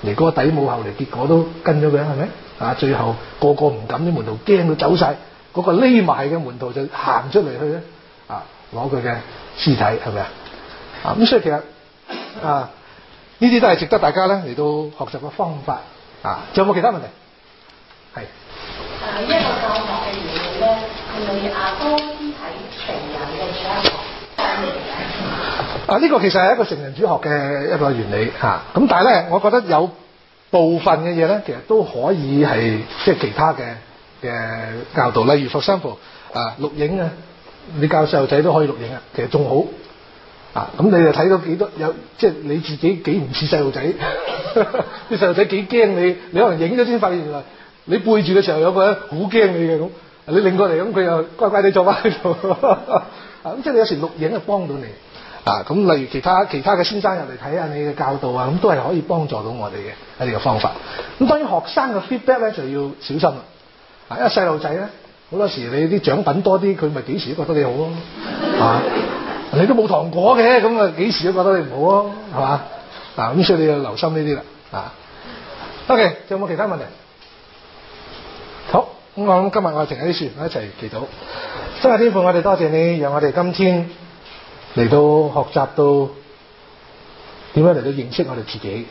尼哥底母後嚟，結果都跟咗佢，係咪？啊，最後個個唔敢，啲門徒驚到走晒。嗰個匿埋嘅門徒就行出嚟去咧，啊，攞佢嘅屍體，係咪啊？啊，咁所以其實啊，呢啲都係值得大家咧嚟到學習嘅方法啊。仲有冇其他問題？係。啊，呢個教學嘅原理咧，係咪阿公睇成人嘅主學啊，呢個其實係一個成人主學嘅一個原理嚇。咁、啊、但係咧，我覺得有部分嘅嘢咧，其實都可以係即係其他嘅。嘅教導，例如佛三部啊錄影啊，你教細路仔都可以錄影啊。其實仲好啊。咁你就睇到幾多，有即係、就是、你自己幾唔似細路仔，啲細路仔幾驚你，你可能影咗先發現原來你背住嘅時候有個人好驚你嘅咁。你擰過嚟咁佢又乖乖地坐返喺度啊。咁即係你有時錄影啊，幫到你啊。咁例如其他其他嘅先生入嚟睇下你嘅教導啊，咁都係可以幫助到我哋嘅喺啲個方法。咁當然學生嘅 feedback 咧就要小心啦。一啊，細路仔咧，好多時你啲獎品多啲，佢咪幾時都覺得你好咯，啊 啊。你都冇糖果嘅，咁啊幾時都覺得你唔好咯，啊，係嘛？啊，咁所以你要留心呢啲啦。啊，OK，仲有冇其他問題？好，咁我諗今日我係停喺呢處，我一齊祈禱。真係天父，我哋多謝你，讓我哋今天嚟到學習到點樣嚟到認識我哋自己。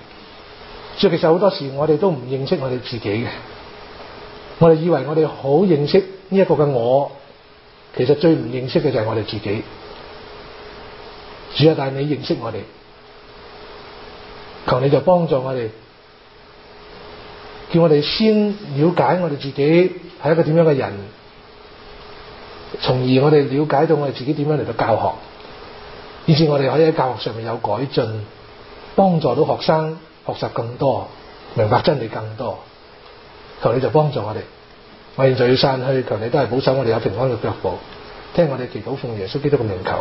所以其實好多時我哋都唔認識我哋自己嘅。我哋以為我哋好認識呢一個嘅我，其實最唔認識嘅就係我哋自己。主啊，但係你認識我哋，求你就幫助我哋，叫我哋先了解我哋自己係一個點樣嘅人，從而我哋了解到我哋自己點樣嚟到教學，以致我哋可以喺教學上面有改進，幫助到學生學習更多，明白真理更多。求你就幫助我哋，我現在要散去，求你都係保守我哋有平安嘅腳步，聽我哋祈禱，奉耶穌基督嘅名求。